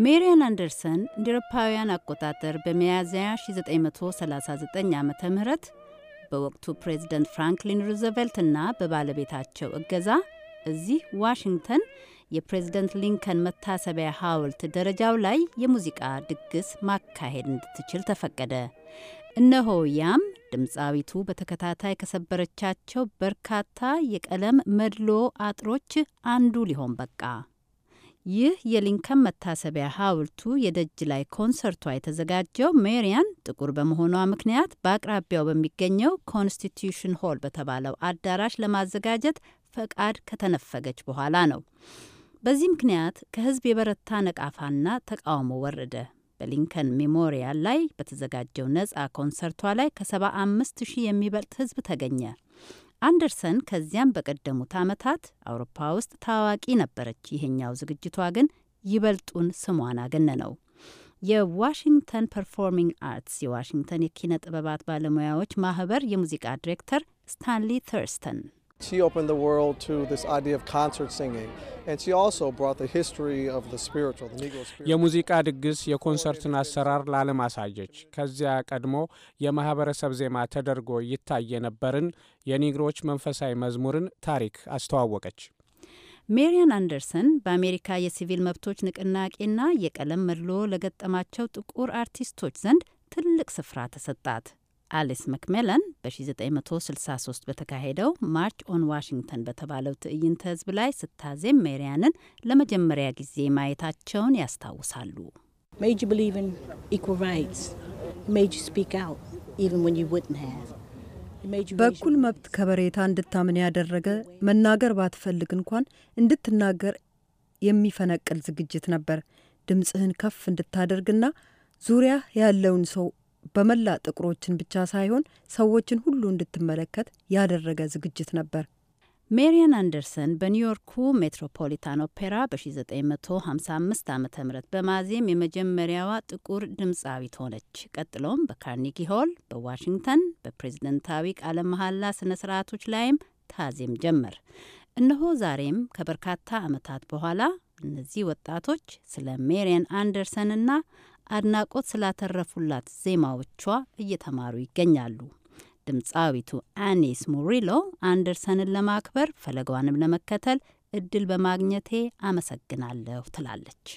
ሜሪያን አንደርሰን እንደ አውሮፓውያን አቆጣጠር በሚያዝያ 1939 ዓ ም በወቅቱ ፕሬዚደንት ፍራንክሊን እና በባለቤታቸው እገዛ እዚህ ዋሽንግተን የፕሬዝደንት ሊንከን መታሰቢያ ሐውልት ደረጃው ላይ የሙዚቃ ድግስ ማካሄድ እንድትችል ተፈቀደ። እነሆ ያም ድምፃዊቱ በተከታታይ ከሰበረቻቸው በርካታ የቀለም መድሎ አጥሮች አንዱ ሊሆን በቃ። ይህ የሊንከን መታሰቢያ ሐውልቱ የደጅ ላይ ኮንሰርቷ የተዘጋጀው ሜሪያን ጥቁር በመሆኗ ምክንያት በአቅራቢያው በሚገኘው ኮንስቲትዩሽን ሆል በተባለው አዳራሽ ለማዘጋጀት ፈቃድ ከተነፈገች በኋላ ነው። በዚህ ምክንያት ከህዝብ የበረታ ነቃፋና ተቃውሞ ወረደ። በሊንከን ሜሞሪያል ላይ በተዘጋጀው ነጻ ኮንሰርቷ ላይ ከ75 ሺህ የሚበልጥ ህዝብ ተገኘ። አንደርሰን ከዚያም በቀደሙት ዓመታት አውሮፓ ውስጥ ታዋቂ ነበረች። ይሄኛው ዝግጅቷ ግን ይበልጡን ስሟን ነው የዋሽንግተን ፐርፎርሚንግ አርትስ የዋሽንግተን የኪነ ጥበባት ባለሙያዎች ማህበር የሙዚቃ ዲሬክተር ስታንሊ ተርስተን She opened the world to this idea of concert singing, and she also brought the history of the spiritual, the Negro spiritual. የሙዚቃ ድግስ የኮንሰርትን አሰራር ለዓለም አሳየች። ከዚያ ቀድሞ የማህበረሰብ ዜማ ተደርጎ ይታይ የነበርን የኒግሮች መንፈሳዊ መዝሙርን ታሪክ አስተዋወቀች። ሜሪያን አንደርሰን በአሜሪካ የሲቪል መብቶች ንቅናቄና የቀለም መድሎ ለገጠማቸው ጥቁር አርቲስቶች ዘንድ ትልቅ ስፍራ ተሰጣት። አሊስ መክሜለን በ1963 በተካሄደው ማርች ኦን ዋሽንግተን በተባለው ትዕይንተ ህዝብ ላይ ስታዜም ሜሪያንን ለመጀመሪያ ጊዜ ማየታቸውን ያስታውሳሉ። በእኩል መብት ከበሬታ እንድታምን ያደረገ መናገር ባትፈልግ እንኳን እንድትናገር የሚፈነቅል ዝግጅት ነበር። ድምፅህን ከፍ እንድታደርግና ዙሪያ ያለውን ሰው በመላ ጥቁሮችን ብቻ ሳይሆን ሰዎችን ሁሉ እንድትመለከት ያደረገ ዝግጅት ነበር። ሜሪያን አንደርሰን በኒውዮርኩ ሜትሮፖሊታን ኦፔራ በ1955 ዓ ም በማዜም የመጀመሪያዋ ጥቁር ድምፃዊት ሆነች። ቀጥሎም በካርኒጊ ሆል፣ በዋሽንግተን በፕሬዝደንታዊ ቃለ መሐላ ስነ ስርዓቶች ላይም ታዜም ጀመር። እነሆ ዛሬም ከበርካታ ዓመታት በኋላ እነዚህ ወጣቶች ስለ ሜሪያን አንደርሰንና አድናቆት ስላተረፉላት ዜማዎቿ እየተማሩ ይገኛሉ። ድምፃዊቱ አኒስ ሙሪሎ አንደርሰንን ለማክበር ፈለጓንም ለመከተል እድል በማግኘቴ አመሰግናለሁ ትላለች።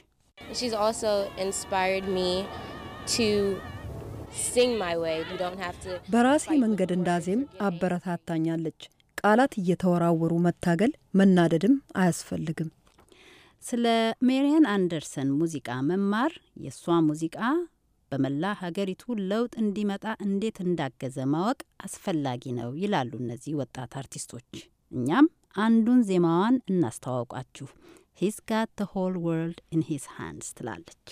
በራሴ መንገድ እንዳዜም አበረታታኛለች። ቃላት እየተወራወሩ መታገል መናደድም አያስፈልግም። ስለ ሜሪያን አንደርሰን ሙዚቃ መማር የእሷ ሙዚቃ በመላ ሀገሪቱ ለውጥ እንዲመጣ እንዴት እንዳገዘ ማወቅ አስፈላጊ ነው ይላሉ እነዚህ ወጣት አርቲስቶች። እኛም አንዱን ዜማዋን እናስተዋውቃችሁ። ሂስ ጋት ተ ሆል ወርልድ ኢን ሂስ ሃንድስ ትላለች።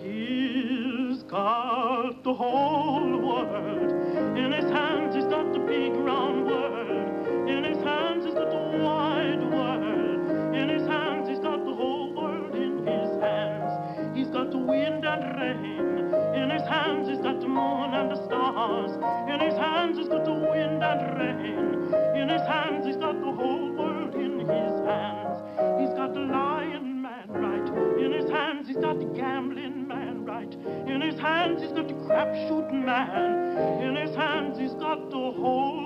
He's got the whole world in his hands. He's got the big round world. stars. In his hands he's got the wind and rain. In his hands he's got the whole world in his hands. He's got the lion man right. In his hands he's got the gambling man right. In his hands he's got the crapshoot man. In his hands he's got the whole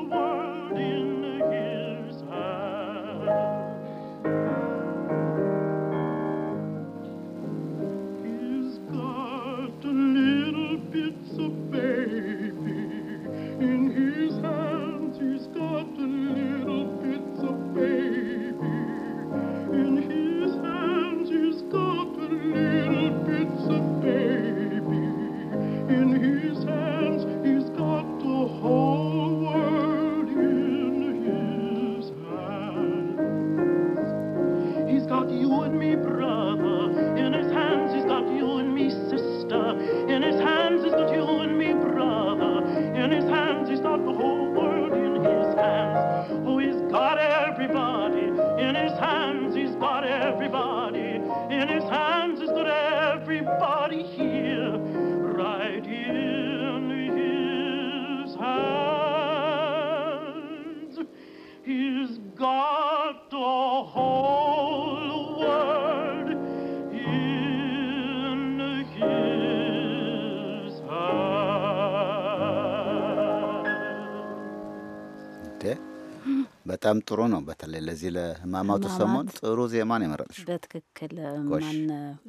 በጣም ጥሩ ነው። በተለይ ለዚህ ለህማማቱ ሰሞን ጥሩ ዜማ ነው የመረጥሽ። በትክክል ማን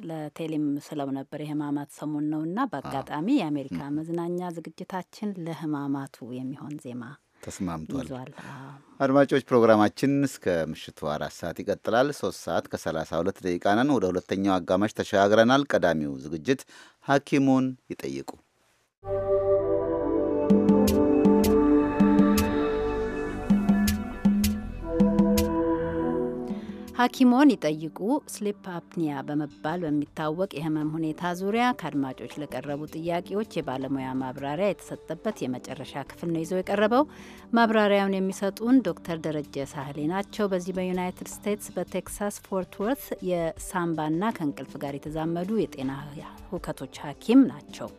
ለቴሌም ስለው ነበር የህማማት ሰሞን ነው እና በአጋጣሚ የአሜሪካ መዝናኛ ዝግጅታችን ለህማማቱ የሚሆን ዜማ ተስማምቷል። አድማጮች ፕሮግራማችን እስከ ምሽቱ አራት ሰዓት ይቀጥላል። ሶስት ሰዓት ከሰላሳ ሁለት ደቂቃ ነን። ወደ ሁለተኛው አጋማሽ ተሸጋግረናል። ቀዳሚው ዝግጅት ሐኪሙን ይጠይቁ ሐኪሞን ይጠይቁ ስሊፕ አፕኒያ በመባል በሚታወቅ የህመም ሁኔታ ዙሪያ ከአድማጮች ለቀረቡ ጥያቄዎች የባለሙያ ማብራሪያ የተሰጠበት የመጨረሻ ክፍል ነው ይዞ የቀረበው። ማብራሪያውን የሚሰጡን ዶክተር ደረጀ ሳህሌ ናቸው። በዚህ በዩናይትድ ስቴትስ በቴክሳስ ፎርት ወርት የሳምባና ከእንቅልፍ ጋር የተዛመዱ የጤና ሁከቶች ሐኪም ናቸው።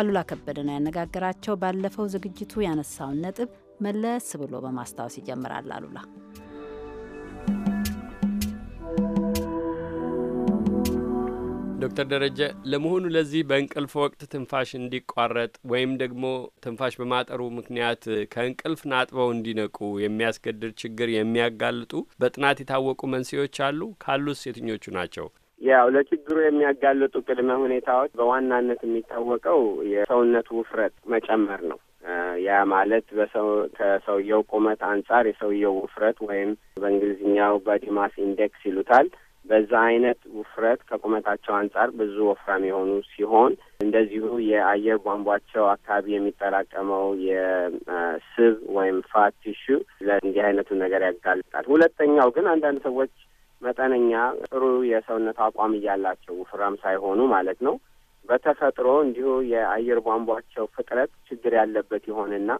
አሉላ ከበደ ነው ያነጋገራቸው። ባለፈው ዝግጅቱ ያነሳውን ነጥብ መለስ ብሎ በማስታወስ ይጀምራል አሉላ። ዶክተር ደረጀ ለመሆኑ ለዚህ በእንቅልፍ ወቅት ትንፋሽ እንዲቋረጥ ወይም ደግሞ ትንፋሽ በማጠሩ ምክንያት ከእንቅልፍ ናጥበው እንዲነቁ የሚያስገድድ ችግር የሚያጋልጡ በጥናት የታወቁ መንስኤዎች አሉ? ካሉስ የትኞቹ ናቸው? ያው ለችግሩ የሚያጋልጡ ቅድመ ሁኔታዎች በዋናነት የሚታወቀው የሰውነት ውፍረት መጨመር ነው። ያ ማለት በሰው ከሰውየው ቁመት አንጻር የሰውየው ውፍረት ወይም በእንግሊዝኛው ቦዲ ማስ ኢንዴክስ ይሉታል በዛ አይነት ውፍረት ከቁመታቸው አንጻር ብዙ ወፍራም የሆኑ ሲሆን እንደዚሁ የአየር ቧንቧቸው አካባቢ የሚጠራቀመው የስብ ወይም ፋት ቲሹ ለእንዲህ አይነቱ ነገር ያጋልጣል። ሁለተኛው ግን አንዳንድ ሰዎች መጠነኛ ጥሩ የሰውነት አቋም እያላቸው ውፍራም ሳይሆኑ ማለት ነው በተፈጥሮ እንዲሁ የአየር ቧንቧቸው ፍጥረት ችግር ያለበት ይሆንና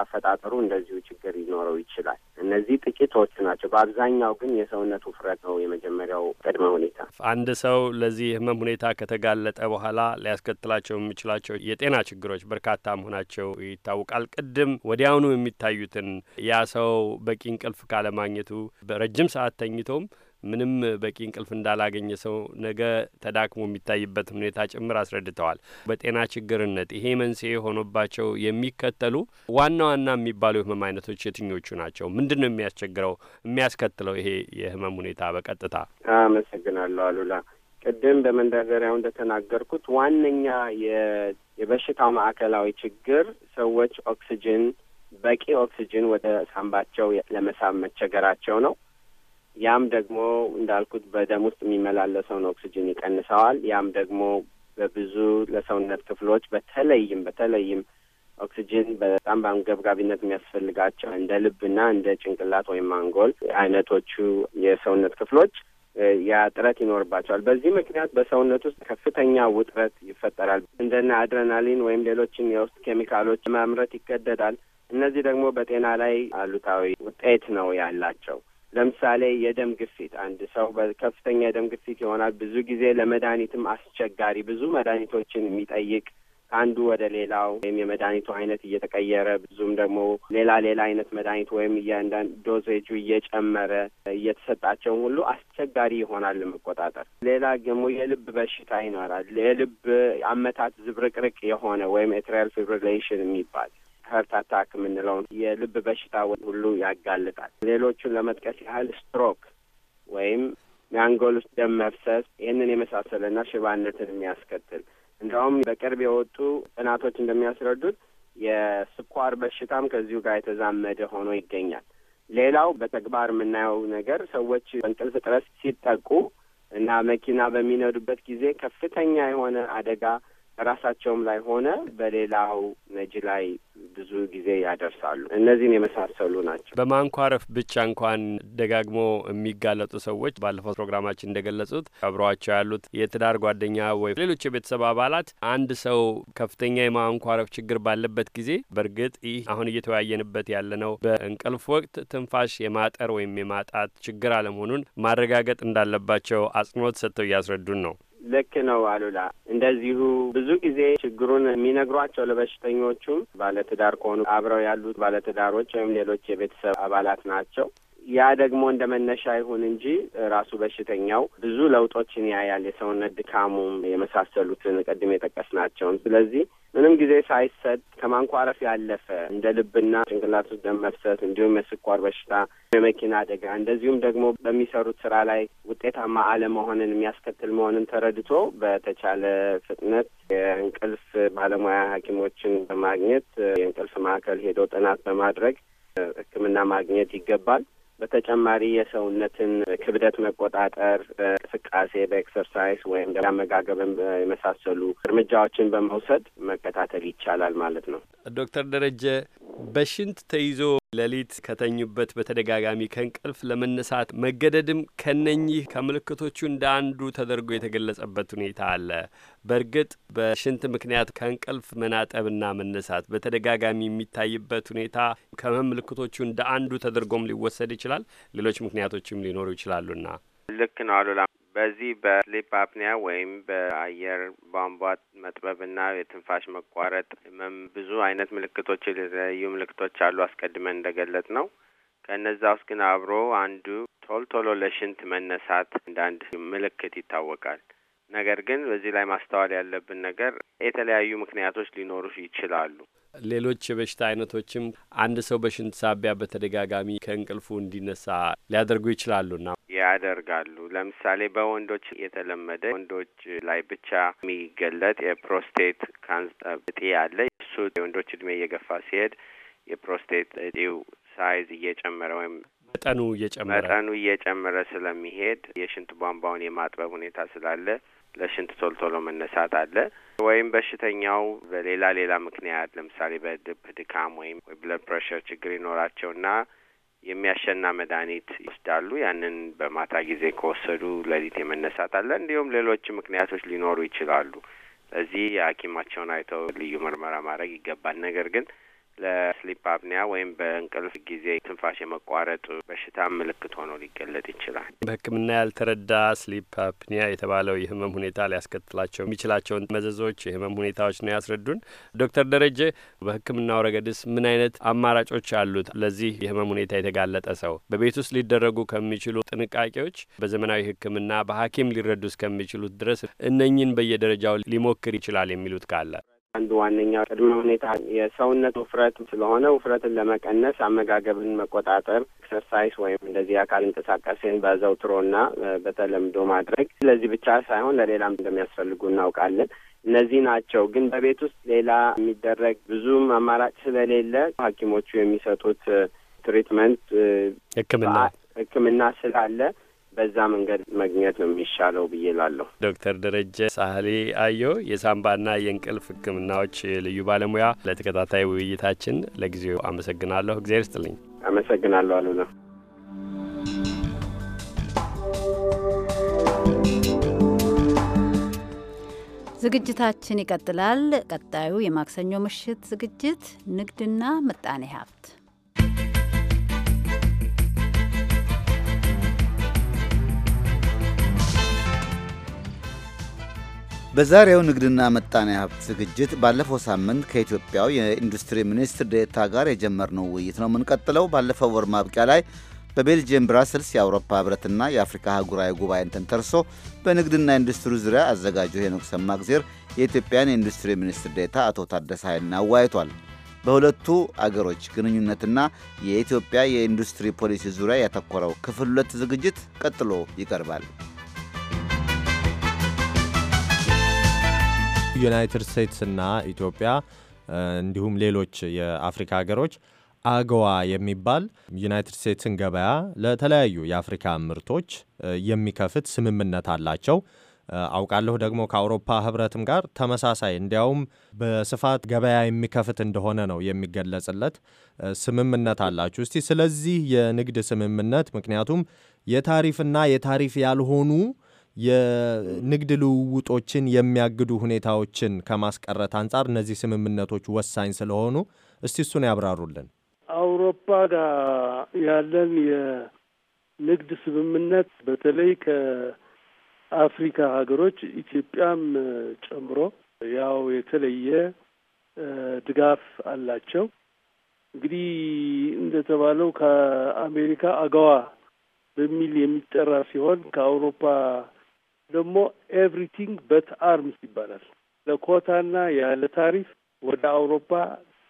አፈጣጠሩ እንደዚሁ ችግር ሊኖረው ይችላል። እነዚህ ጥቂቶች ናቸው። በአብዛኛው ግን የሰውነት ውፍረት ነው የመጀመሪያው ቅድመ ሁኔታ። አንድ ሰው ለዚህ ህመም ሁኔታ ከተጋለጠ በኋላ ሊያስከትላቸው የሚችላቸው የጤና ችግሮች በርካታ መሆናቸው ይታወቃል። ቅድም ወዲያውኑ የሚታዩትን ያ ሰው በቂ እንቅልፍ ካለማግኘቱ በረጅም ሰዓት ተኝቶም ምንም በቂ እንቅልፍ እንዳላገኘ ሰው ነገ ተዳክሞ የሚታይበት ሁኔታ ጭምር አስረድተዋል። በጤና ችግርነት ይሄ መንስኤ ሆኖባቸው የሚከተሉ ዋና ዋና የሚባሉ የህመም አይነቶች የትኞቹ ናቸው? ምንድን ነው የሚያስቸግረው የሚያስከትለው ይሄ የህመም ሁኔታ በቀጥታ? አመሰግናለሁ አሉላ። ቅድም በመንደርደሪያው እንደተናገርኩት ዋነኛ የበሽታው ማዕከላዊ ችግር ሰዎች ኦክሲጅን በቂ ኦክሲጅን ወደ ሳንባቸው ለመሳብ መቸገራቸው ነው። ያም ደግሞ እንዳልኩት በደም ውስጥ የሚመላለሰውን ኦክስጅን ይቀንሰዋል። ያም ደግሞ በብዙ ለሰውነት ክፍሎች በተለይም በተለይም ኦክስጅን በጣም በአንገብጋቢነት የሚያስፈልጋቸው እንደ ልብና እንደ ጭንቅላት ወይም አንጎል አይነቶቹ የሰውነት ክፍሎች ያ እጥረት ይኖርባቸዋል። በዚህ ምክንያት በሰውነት ውስጥ ከፍተኛ ውጥረት ይፈጠራል። እንደነ አድረናሊን ወይም ሌሎችን የውስጥ ኬሚካሎች ማምረት ይገደዳል። እነዚህ ደግሞ በጤና ላይ አሉታዊ ውጤት ነው ያላቸው። ለምሳሌ የደም ግፊት አንድ ሰው በከፍተኛ የደም ግፊት ይሆናል። ብዙ ጊዜ ለመድኃኒትም አስቸጋሪ ብዙ መድኃኒቶችን የሚጠይቅ ከአንዱ ወደ ሌላው ወይም የመድኃኒቱ አይነት እየተቀየረ ብዙም ደግሞ ሌላ ሌላ አይነት መድኃኒት ወይም እያንዳንድ ዶሴጁ እየጨመረ እየተሰጣቸውን ሁሉ አስቸጋሪ ይሆናል ለመቆጣጠር። ሌላ ደግሞ የልብ በሽታ ይኖራል። የልብ አመታት ዝብርቅርቅ የሆነ ወይም ኤትሪያል ፊብሪሌሽን የሚባል ሀርት አታክ የምንለውን የልብ በሽታ ሁሉ ያጋልጣል። ሌሎቹን ለመጥቀስ ያህል ስትሮክ ወይም የአንጎል ውስጥ ደም መፍሰስ ይህንን የመሳሰለና ሽባነትን የሚያስከትል እንደውም በቅርብ የወጡ ጥናቶች እንደሚያስረዱት የስኳር በሽታም ከዚሁ ጋር የተዛመደ ሆኖ ይገኛል። ሌላው በተግባር የምናየው ነገር ሰዎች በእንቅልፍ እጥረት ሲጠቁ እና መኪና በሚነዱበት ጊዜ ከፍተኛ የሆነ አደጋ ራሳቸውም ላይ ሆነ በሌላው ነጂ ላይ ብዙ ጊዜ ያደርሳሉ። እነዚህን የመሳሰሉ ናቸው። በማንኳረፍ ብቻ እንኳን ደጋግሞ የሚጋለጡ ሰዎች ባለፈው ፕሮግራማችን እንደገለጹት አብረዋቸው ያሉት የትዳር ጓደኛ ወይ ሌሎች የቤተሰብ አባላት አንድ ሰው ከፍተኛ የማንኳረፍ ችግር ባለበት ጊዜ በእርግጥ ይህ አሁን እየተወያየንበት ያለነው በእንቅልፍ ወቅት ትንፋሽ የማጠር ወይም የማጣት ችግር አለመሆኑን ማረጋገጥ እንዳለባቸው አጽንኦት ሰጥተው እያስረዱን ነው። ልክ ነው አሉላ። እንደዚሁ ብዙ ጊዜ ችግሩን የሚነግሯቸው ለበሽተኞቹም ባለትዳር ከሆኑ አብረው ያሉት ባለትዳሮች ወይም ሌሎች የቤተሰብ አባላት ናቸው። ያ ደግሞ እንደ መነሻ ይሁን እንጂ ራሱ በሽተኛው ብዙ ለውጦችን ያያል። የሰውነት ድካሙም የመሳሰሉትን ቅድም የጠቀስናቸውን። ስለዚህ ምንም ጊዜ ሳይሰጥ ከማንኳረፍ ያለፈ እንደ ልብና ጭንቅላት ውስጥ ደም መፍሰስ እንዲሁም የስኳር በሽታ፣ የመኪና አደጋ እንደዚሁም ደግሞ በሚሰሩት ስራ ላይ ውጤታማ አለመሆንን የሚያስከትል መሆንን ተረድቶ በተቻለ ፍጥነት የእንቅልፍ ባለሙያ ሐኪሞችን በማግኘት የእንቅልፍ ማዕከል ሄዶ ጥናት በማድረግ ሕክምና ማግኘት ይገባል። በተጨማሪ የሰውነትን ክብደት መቆጣጠር እንቅስቃሴ በኤክሰርሳይዝ ወይም አመጋገብን የመሳሰሉ እርምጃዎችን በመውሰድ መከታተል ይቻላል ማለት ነው። ዶክተር ደረጀ በሽንት ተይዞ ሌሊት ከተኙበት በተደጋጋሚ ከእንቅልፍ ለመነሳት መገደድም ከነኚህ ከምልክቶቹ እንደ አንዱ ተደርጎ የተገለጸበት ሁኔታ አለ። በእርግጥ በሽንት ምክንያት ከእንቅልፍ መናጠብና መነሳት በተደጋጋሚ የሚታይበት ሁኔታ ከህመም እንደ አንዱ ተደርጎም ሊወሰድ ይችላል። ሌሎች ምክንያቶችም ሊኖሩ ይችላሉና ልክ ነው አሉላ። በዚህ በስሊፕ አፕኒያ ወይም በአየር ቧንቧ መጥበብና የትንፋሽ መቋረጥ ህመም ብዙ አይነት ምልክቶች የተለያዩ ምልክቶች አሉ አስቀድመን እንደገለጥ ነው። ከእነዛ ውስጥ ግን አብሮ አንዱ ቶሎ ቶሎ ለሽንት መነሳት እንደ አንድ ምልክት ይታወቃል። ነገር ግን በዚህ ላይ ማስተዋል ያለብን ነገር የተለያዩ ምክንያቶች ሊኖሩ ይችላሉ። ሌሎች የበሽታ አይነቶችም አንድ ሰው በሽንት ሳቢያ በተደጋጋሚ ከእንቅልፉ እንዲነሳ ሊያደርጉ ይችላሉና ያደርጋሉ። ለምሳሌ በወንዶች የተለመደ ወንዶች ላይ ብቻ የሚገለጥ የፕሮስቴት ካንሰር እጢ አለ። እሱ የወንዶች እድሜ እየገፋ ሲሄድ የፕሮስቴት እጢው ሳይዝ እየጨመረ ወይም መጠኑ እየጨመረ መጠኑ እየጨመረ ስለሚሄድ የሽንት ቧንቧውን የማጥበብ ሁኔታ ስላለ ለሽንት ቶልቶሎ መነሳት አለ ወይም በሽተኛው በሌላ ሌላ ምክንያት ለምሳሌ በድብ ድካም ወይም ብለድ ፕሬሽር ችግር ይኖራቸውና የሚያሸና መድኃኒት ይወስዳሉ። ያንን በማታ ጊዜ ከወሰዱ ሌሊት የመነሳት አለ። እንዲሁም ሌሎች ምክንያቶች ሊኖሩ ይችላሉ። ለዚህ የሐኪማቸውን አይተው ልዩ ምርመራ ማድረግ ይገባል። ነገር ግን ለስሊፕ አፕኒያ ወይም በእንቅልፍ ጊዜ ትንፋሽ የመቋረጥ በሽታ ምልክት ሆኖ ሊገለጥ ይችላል። በሕክምና ያልተረዳ ስሊፕ አፕኒያ የተባለው የህመም ሁኔታ ሊያስከትላቸው የሚችላቸውን መዘዞች፣ የህመም ሁኔታዎች ነው ያስረዱን ዶክተር ደረጀ። በሕክምናው ረገድስ ምን አይነት አማራጮች አሉት? ለዚህ የህመም ሁኔታ የተጋለጠ ሰው በቤት ውስጥ ሊደረጉ ከሚችሉ ጥንቃቄዎች በዘመናዊ ሕክምና በሐኪም ሊረዱ እስከሚችሉት ድረስ እነኝን በየደረጃው ሊሞክር ይችላል የሚሉት ካለ አንዱ ዋነኛ ቅድመ ሁኔታ የሰውነት ውፍረት ስለሆነ ውፍረትን ለመቀነስ አመጋገብን መቆጣጠር፣ ኤክሰርሳይዝ ወይም እንደዚህ አካል እንቅስቃሴን በዘውትሮና በተለምዶ ማድረግ ለዚህ ብቻ ሳይሆን ለሌላም እንደሚያስፈልጉ እናውቃለን። እነዚህ ናቸው። ግን በቤት ውስጥ ሌላ የሚደረግ ብዙም አማራጭ ስለሌለ ሐኪሞቹ የሚሰጡት ትሪትመንት ሕክምና ሕክምና ስላለ በዛ መንገድ መግኘት ነው የሚሻለው ብዬ ላለሁ። ዶክተር ደረጀ ሳህሌ አየሁ የሳምባና የእንቅልፍ ሕክምናዎች ልዩ ባለሙያ ለተከታታይ ውይይታችን ለጊዜው አመሰግናለሁ። እግዜር ስጥልኝ። አመሰግናለሁ አሉላ። ዝግጅታችን ይቀጥላል። ቀጣዩ የማክሰኞ ምሽት ዝግጅት ንግድና ምጣኔ ሀብት በዛሬው ንግድና መጣኔ ሀብት ዝግጅት ባለፈው ሳምንት ከኢትዮጵያው የኢንዱስትሪ ሚኒስትር ዴታ ጋር የጀመርነው ውይይት ነው የምንቀጥለው። ባለፈው ወር ማብቂያ ላይ በቤልጅየም ብራስልስ የአውሮፓ ህብረትና የአፍሪካ አህጉራዊ ጉባኤን ተንተርሶ በንግድና ኢንዱስትሪ ዙሪያ አዘጋጁ ሄኖክ ሰማግዜር የኢትዮጵያን የኢንዱስትሪ ሚኒስትር ዴታ አቶ ታደሰ ኃይልን አዋይቷል። በሁለቱ አገሮች ግንኙነትና የኢትዮጵያ የኢንዱስትሪ ፖሊሲ ዙሪያ ያተኮረው ክፍል ሁለት ዝግጅት ቀጥሎ ይቀርባል። ዩናይትድ ስቴትስና ኢትዮጵያ እንዲሁም ሌሎች የአፍሪካ ሀገሮች አገዋ የሚባል ዩናይትድ ስቴትስን ገበያ ለተለያዩ የአፍሪካ ምርቶች የሚከፍት ስምምነት አላቸው። አውቃለሁ ደግሞ ከአውሮፓ ህብረትም ጋር ተመሳሳይ እንዲያውም በስፋት ገበያ የሚከፍት እንደሆነ ነው የሚገለጽለት ስምምነት አላችሁ። እስቲ ስለዚህ የንግድ ስምምነት ምክንያቱም የታሪፍና የታሪፍ ያልሆኑ የንግድ ልውውጦችን የሚያግዱ ሁኔታዎችን ከማስቀረት አንጻር እነዚህ ስምምነቶች ወሳኝ ስለሆኑ እስቲ እሱን ያብራሩልን። አውሮፓ ጋር ያለን የንግድ ስምምነት በተለይ ከአፍሪካ ሀገሮች ኢትዮጵያም ጨምሮ ያው የተለየ ድጋፍ አላቸው። እንግዲህ እንደተባለው ከአሜሪካ አገዋ በሚል የሚጠራ ሲሆን ከአውሮፓ ደግሞ ኤቭሪቲንግ በት አርምስ ይባላል። ለኮታና ያለ ታሪፍ ወደ አውሮፓ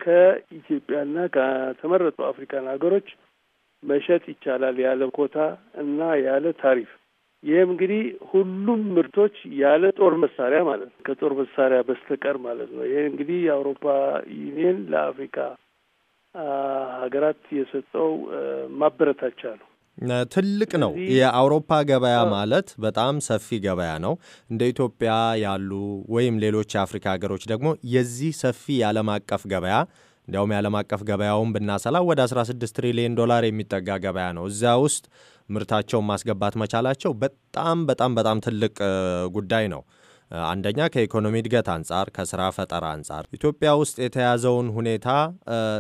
ከኢትዮጵያና ከተመረጡ አፍሪካን ሀገሮች መሸጥ ይቻላል ያለ ኮታ እና ያለ ታሪፍ። ይህም እንግዲህ ሁሉም ምርቶች ያለ ጦር መሳሪያ ማለት ነው፣ ከጦር መሳሪያ በስተቀር ማለት ነው። ይህ እንግዲህ የአውሮፓ ዩኒየን ለአፍሪካ ሀገራት የሰጠው ማበረታቻ ነው። ትልቅ ነው። የአውሮፓ ገበያ ማለት በጣም ሰፊ ገበያ ነው። እንደ ኢትዮጵያ ያሉ ወይም ሌሎች የአፍሪካ ሀገሮች ደግሞ የዚህ ሰፊ የዓለም አቀፍ ገበያ እንዲያውም የዓለም አቀፍ ገበያውን ብናሰላ ወደ 16 ትሪሊዮን ዶላር የሚጠጋ ገበያ ነው። እዚያ ውስጥ ምርታቸውን ማስገባት መቻላቸው በጣም በጣም በጣም ትልቅ ጉዳይ ነው። አንደኛ ከኢኮኖሚ እድገት አንጻር፣ ከስራ ፈጠራ አንጻር ኢትዮጵያ ውስጥ የተያዘውን ሁኔታ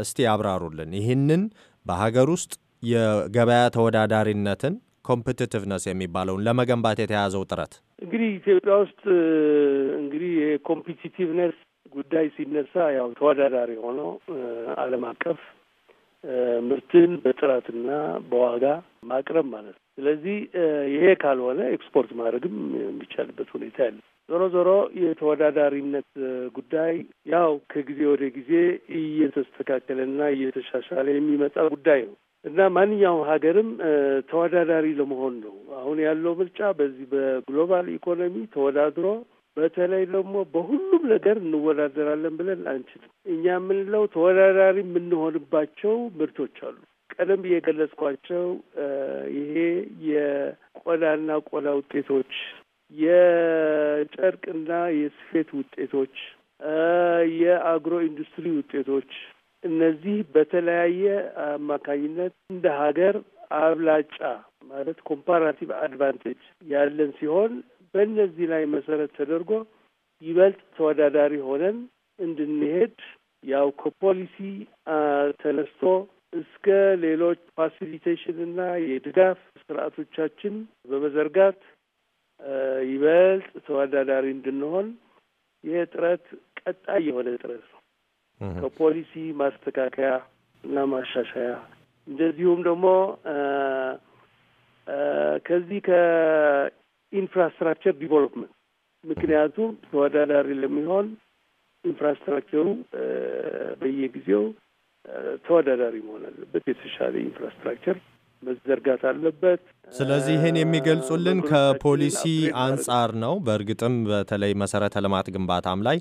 እስቲ ያብራሩልን። ይህንን በሀገር ውስጥ የገበያ ተወዳዳሪነትን ኮምፒቲቲቭነስ የሚባለውን ለመገንባት የተያዘው ጥረት እንግዲህ ኢትዮጵያ ውስጥ እንግዲህ የኮምፒቲቲቭነስ ጉዳይ ሲነሳ ያው ተወዳዳሪ የሆነው ዓለም አቀፍ ምርትን በጥራትና በዋጋ ማቅረብ ማለት ነው። ስለዚህ ይሄ ካልሆነ ኤክስፖርት ማድረግም የሚቻልበት ሁኔታ ያለ ዞሮ ዞሮ የተወዳዳሪነት ጉዳይ ያው ከጊዜ ወደ ጊዜ እየተስተካከለና እየተሻሻለ የሚመጣ ጉዳይ ነው። እና ማንኛውም ሀገርም ተወዳዳሪ ለመሆን ነው አሁን ያለው ምርጫ። በዚህ በግሎባል ኢኮኖሚ ተወዳድሮ በተለይ ደግሞ በሁሉም ነገር እንወዳደራለን ብለን አንችልም። እኛ የምንለው ተወዳዳሪ የምንሆንባቸው ምርቶች አሉ። ቀደም ብዬ የገለጽኳቸው ይሄ የቆዳና ቆዳ ውጤቶች፣ የጨርቅና የስፌት ውጤቶች፣ የአግሮ ኢንዱስትሪ ውጤቶች እነዚህ በተለያየ አማካኝነት እንደ ሀገር አብላጫ ማለት ኮምፓራቲቭ አድቫንቴጅ ያለን ሲሆን በእነዚህ ላይ መሰረት ተደርጎ ይበልጥ ተወዳዳሪ ሆነን እንድንሄድ ያው ከፖሊሲ ተነስቶ እስከ ሌሎች ፋሲሊቴሽን እና የድጋፍ ስርዓቶቻችን በመዘርጋት ይበልጥ ተወዳዳሪ እንድንሆን ይህ ጥረት ቀጣይ የሆነ ጥረት ነው። ከፖሊሲ ማስተካከያ እና ማሻሻያ እንደዚሁም ደግሞ ከዚህ ከኢንፍራስትራክቸር ዲቨሎፕመንት ምክንያቱም ተወዳዳሪ ለሚሆን ኢንፍራስትራክቸሩ በየጊዜው ተወዳዳሪ መሆን አለበት። የተሻለ ኢንፍራስትራክቸር መዘርጋት አለበት። ስለዚህ ይህን የሚገልጹልን ከፖሊሲ አንጻር ነው። በእርግጥም በተለይ መሰረተ ልማት ግንባታም ላይ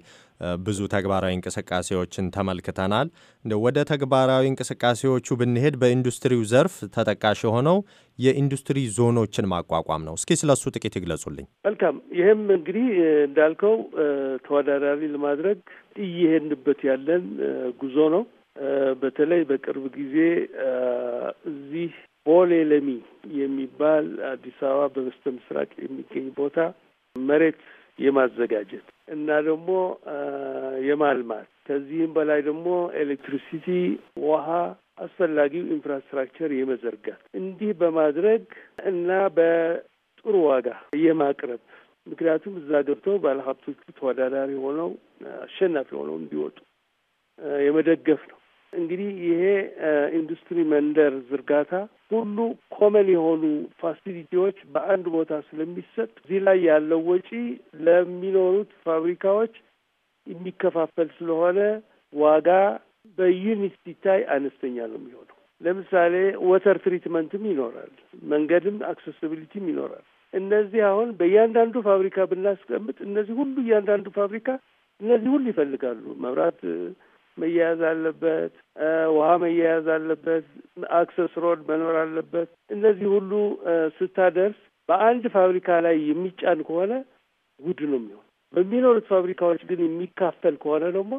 ብዙ ተግባራዊ እንቅስቃሴዎችን ተመልክተናል። እንደ ወደ ተግባራዊ እንቅስቃሴዎቹ ብንሄድ በኢንዱስትሪው ዘርፍ ተጠቃሽ የሆነው የኢንዱስትሪ ዞኖችን ማቋቋም ነው። እስኪ ስለሱ ጥቂት ይግለጹልኝ። መልካም። ይህም እንግዲህ እንዳልከው ተወዳዳሪ ለማድረግ እየሄድንበት ያለን ጉዞ ነው። በተለይ በቅርብ ጊዜ እዚህ ቦሌ ለሚ የሚባል አዲስ አበባ በበስተ ምስራቅ የሚገኝ ቦታ መሬት የማዘጋጀት እና ደግሞ የማልማት ከዚህም በላይ ደግሞ ኤሌክትሪሲቲ፣ ውሃ፣ አስፈላጊው ኢንፍራስትራክቸር የመዘርጋት እንዲህ በማድረግ እና በጥሩ ዋጋ የማቅረብ ምክንያቱም እዛ ገብተው ባለሀብቶቹ ተወዳዳሪ ሆነው አሸናፊ ሆነው እንዲወጡ የመደገፍ ነው። እንግዲህ ይሄ ኢንዱስትሪ መንደር ዝርጋታ ሁሉ ኮመን የሆኑ ፋሲሊቲዎች በአንድ ቦታ ስለሚሰጥ እዚህ ላይ ያለው ወጪ ለሚኖሩት ፋብሪካዎች የሚከፋፈል ስለሆነ ዋጋ በዩኒት ሲታይ አነስተኛ ነው የሚሆነው። ለምሳሌ ወተር ትሪትመንትም ይኖራል፣ መንገድም አክሰስቢሊቲም ይኖራል። እነዚህ አሁን በእያንዳንዱ ፋብሪካ ብናስቀምጥ እነዚህ ሁሉ እያንዳንዱ ፋብሪካ እነዚህ ሁሉ ይፈልጋሉ መብራት መያያዝ አለበት፣ ውሃ መያያዝ አለበት፣ አክሰስ ሮድ መኖር አለበት። እነዚህ ሁሉ ስታደርስ በአንድ ፋብሪካ ላይ የሚጫን ከሆነ ውድ ነው የሚሆን። በሚኖሩት ፋብሪካዎች ግን የሚካፈል ከሆነ ደግሞ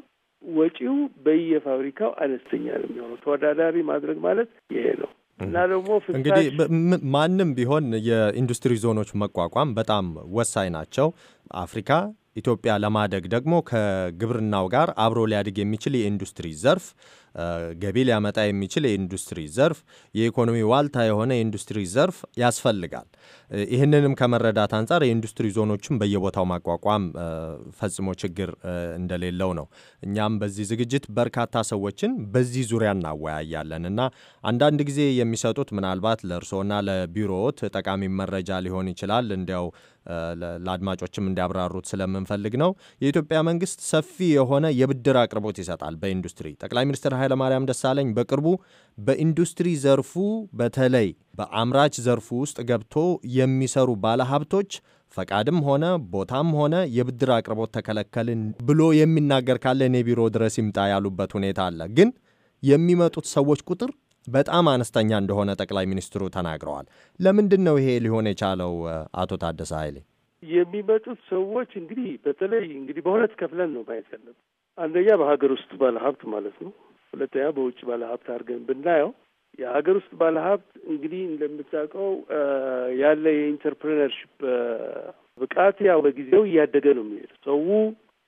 ወጪው በየፋብሪካው አነስተኛ ነው የሚሆነው። ተወዳዳሪ ማድረግ ማለት ይሄ ነው። እና ደግሞ እንግዲህ ማንም ቢሆን የኢንዱስትሪ ዞኖች መቋቋም በጣም ወሳኝ ናቸው። አፍሪካ ኢትዮጵያ ለማደግ ደግሞ ከግብርናው ጋር አብሮ ሊያድግ የሚችል የኢንዱስትሪ ዘርፍ ገቢ ሊያመጣ የሚችል የኢንዱስትሪ ዘርፍ፣ የኢኮኖሚ ዋልታ የሆነ የኢንዱስትሪ ዘርፍ ያስፈልጋል። ይህንንም ከመረዳት አንጻር የኢንዱስትሪ ዞኖችን በየቦታው ማቋቋም ፈጽሞ ችግር እንደሌለው ነው። እኛም በዚህ ዝግጅት በርካታ ሰዎችን በዚህ ዙሪያ እናወያያለን እና አንዳንድ ጊዜ የሚሰጡት ምናልባት ለእርስዎና ለቢሮዎት ጠቃሚ መረጃ ሊሆን ይችላል እንዲያው ለአድማጮችም እንዲያብራሩት ስለምንፈልግ ነው። የኢትዮጵያ መንግስት ሰፊ የሆነ የብድር አቅርቦት ይሰጣል በኢንዱስትሪ። ጠቅላይ ሚኒስትር ኃይለማርያም ደሳለኝ በቅርቡ በኢንዱስትሪ ዘርፉ በተለይ በአምራች ዘርፉ ውስጥ ገብቶ የሚሰሩ ባለሀብቶች ፈቃድም ሆነ ቦታም ሆነ የብድር አቅርቦት ተከለከልን ብሎ የሚናገር ካለ እኔ ቢሮ ድረስ ይምጣ ያሉበት ሁኔታ አለ። ግን የሚመጡት ሰዎች ቁጥር በጣም አነስተኛ እንደሆነ ጠቅላይ ሚኒስትሩ ተናግረዋል። ለምንድን ነው ይሄ ሊሆን የቻለው? አቶ ታደሰ ኃይሌ የሚመጡት ሰዎች እንግዲህ በተለይ እንግዲህ በሁለት ከፍለን ነው ማየት ያለብን። አንደኛ በሀገር ውስጥ ባለሀብት ማለት ነው። ሁለተኛ በውጭ ባለሀብት አድርገን ብናየው የሀገር ውስጥ ባለሀብት እንግዲህ እንደምታውቀው ያለ የኢንተርፕሬነርሽፕ ብቃት ያው በጊዜው እያደገ ነው የሚሄድ። ሰው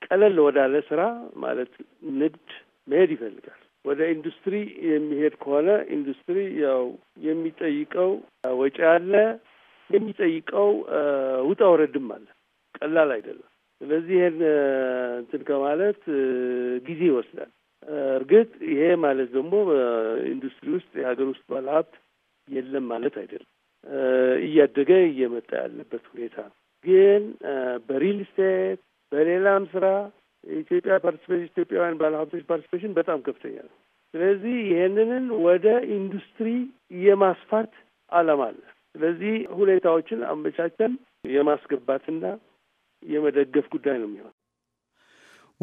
ቀለል ወዳለ ስራ ማለት ንግድ መሄድ ይፈልጋል። ወደ ኢንዱስትሪ የሚሄድ ከሆነ ኢንዱስትሪ ያው የሚጠይቀው ወጪ አለ፣ የሚጠይቀው ውጣ ውረድም አለ። ቀላል አይደለም። ስለዚህ ይሄን እንትን ከማለት ጊዜ ይወስዳል። እርግጥ ይሄ ማለት ደግሞ በኢንዱስትሪ ውስጥ የሀገር ውስጥ ባለሀብት የለም ማለት አይደለም። እያደገ እየመጣ ያለበት ሁኔታ ነው። ግን በሪል ስቴት በሌላም ስራ የኢትዮጵያ ፓርቲስፔሽን ኢትዮጵያውያን ባለሀብቶች ፓርቲስፔሽን በጣም ከፍተኛ ነው። ስለዚህ ይህንንን ወደ ኢንዱስትሪ የማስፋት አላማ አለ። ስለዚህ ሁኔታዎችን አመቻቸን የማስገባትና የመደገፍ ጉዳይ ነው የሚሆን።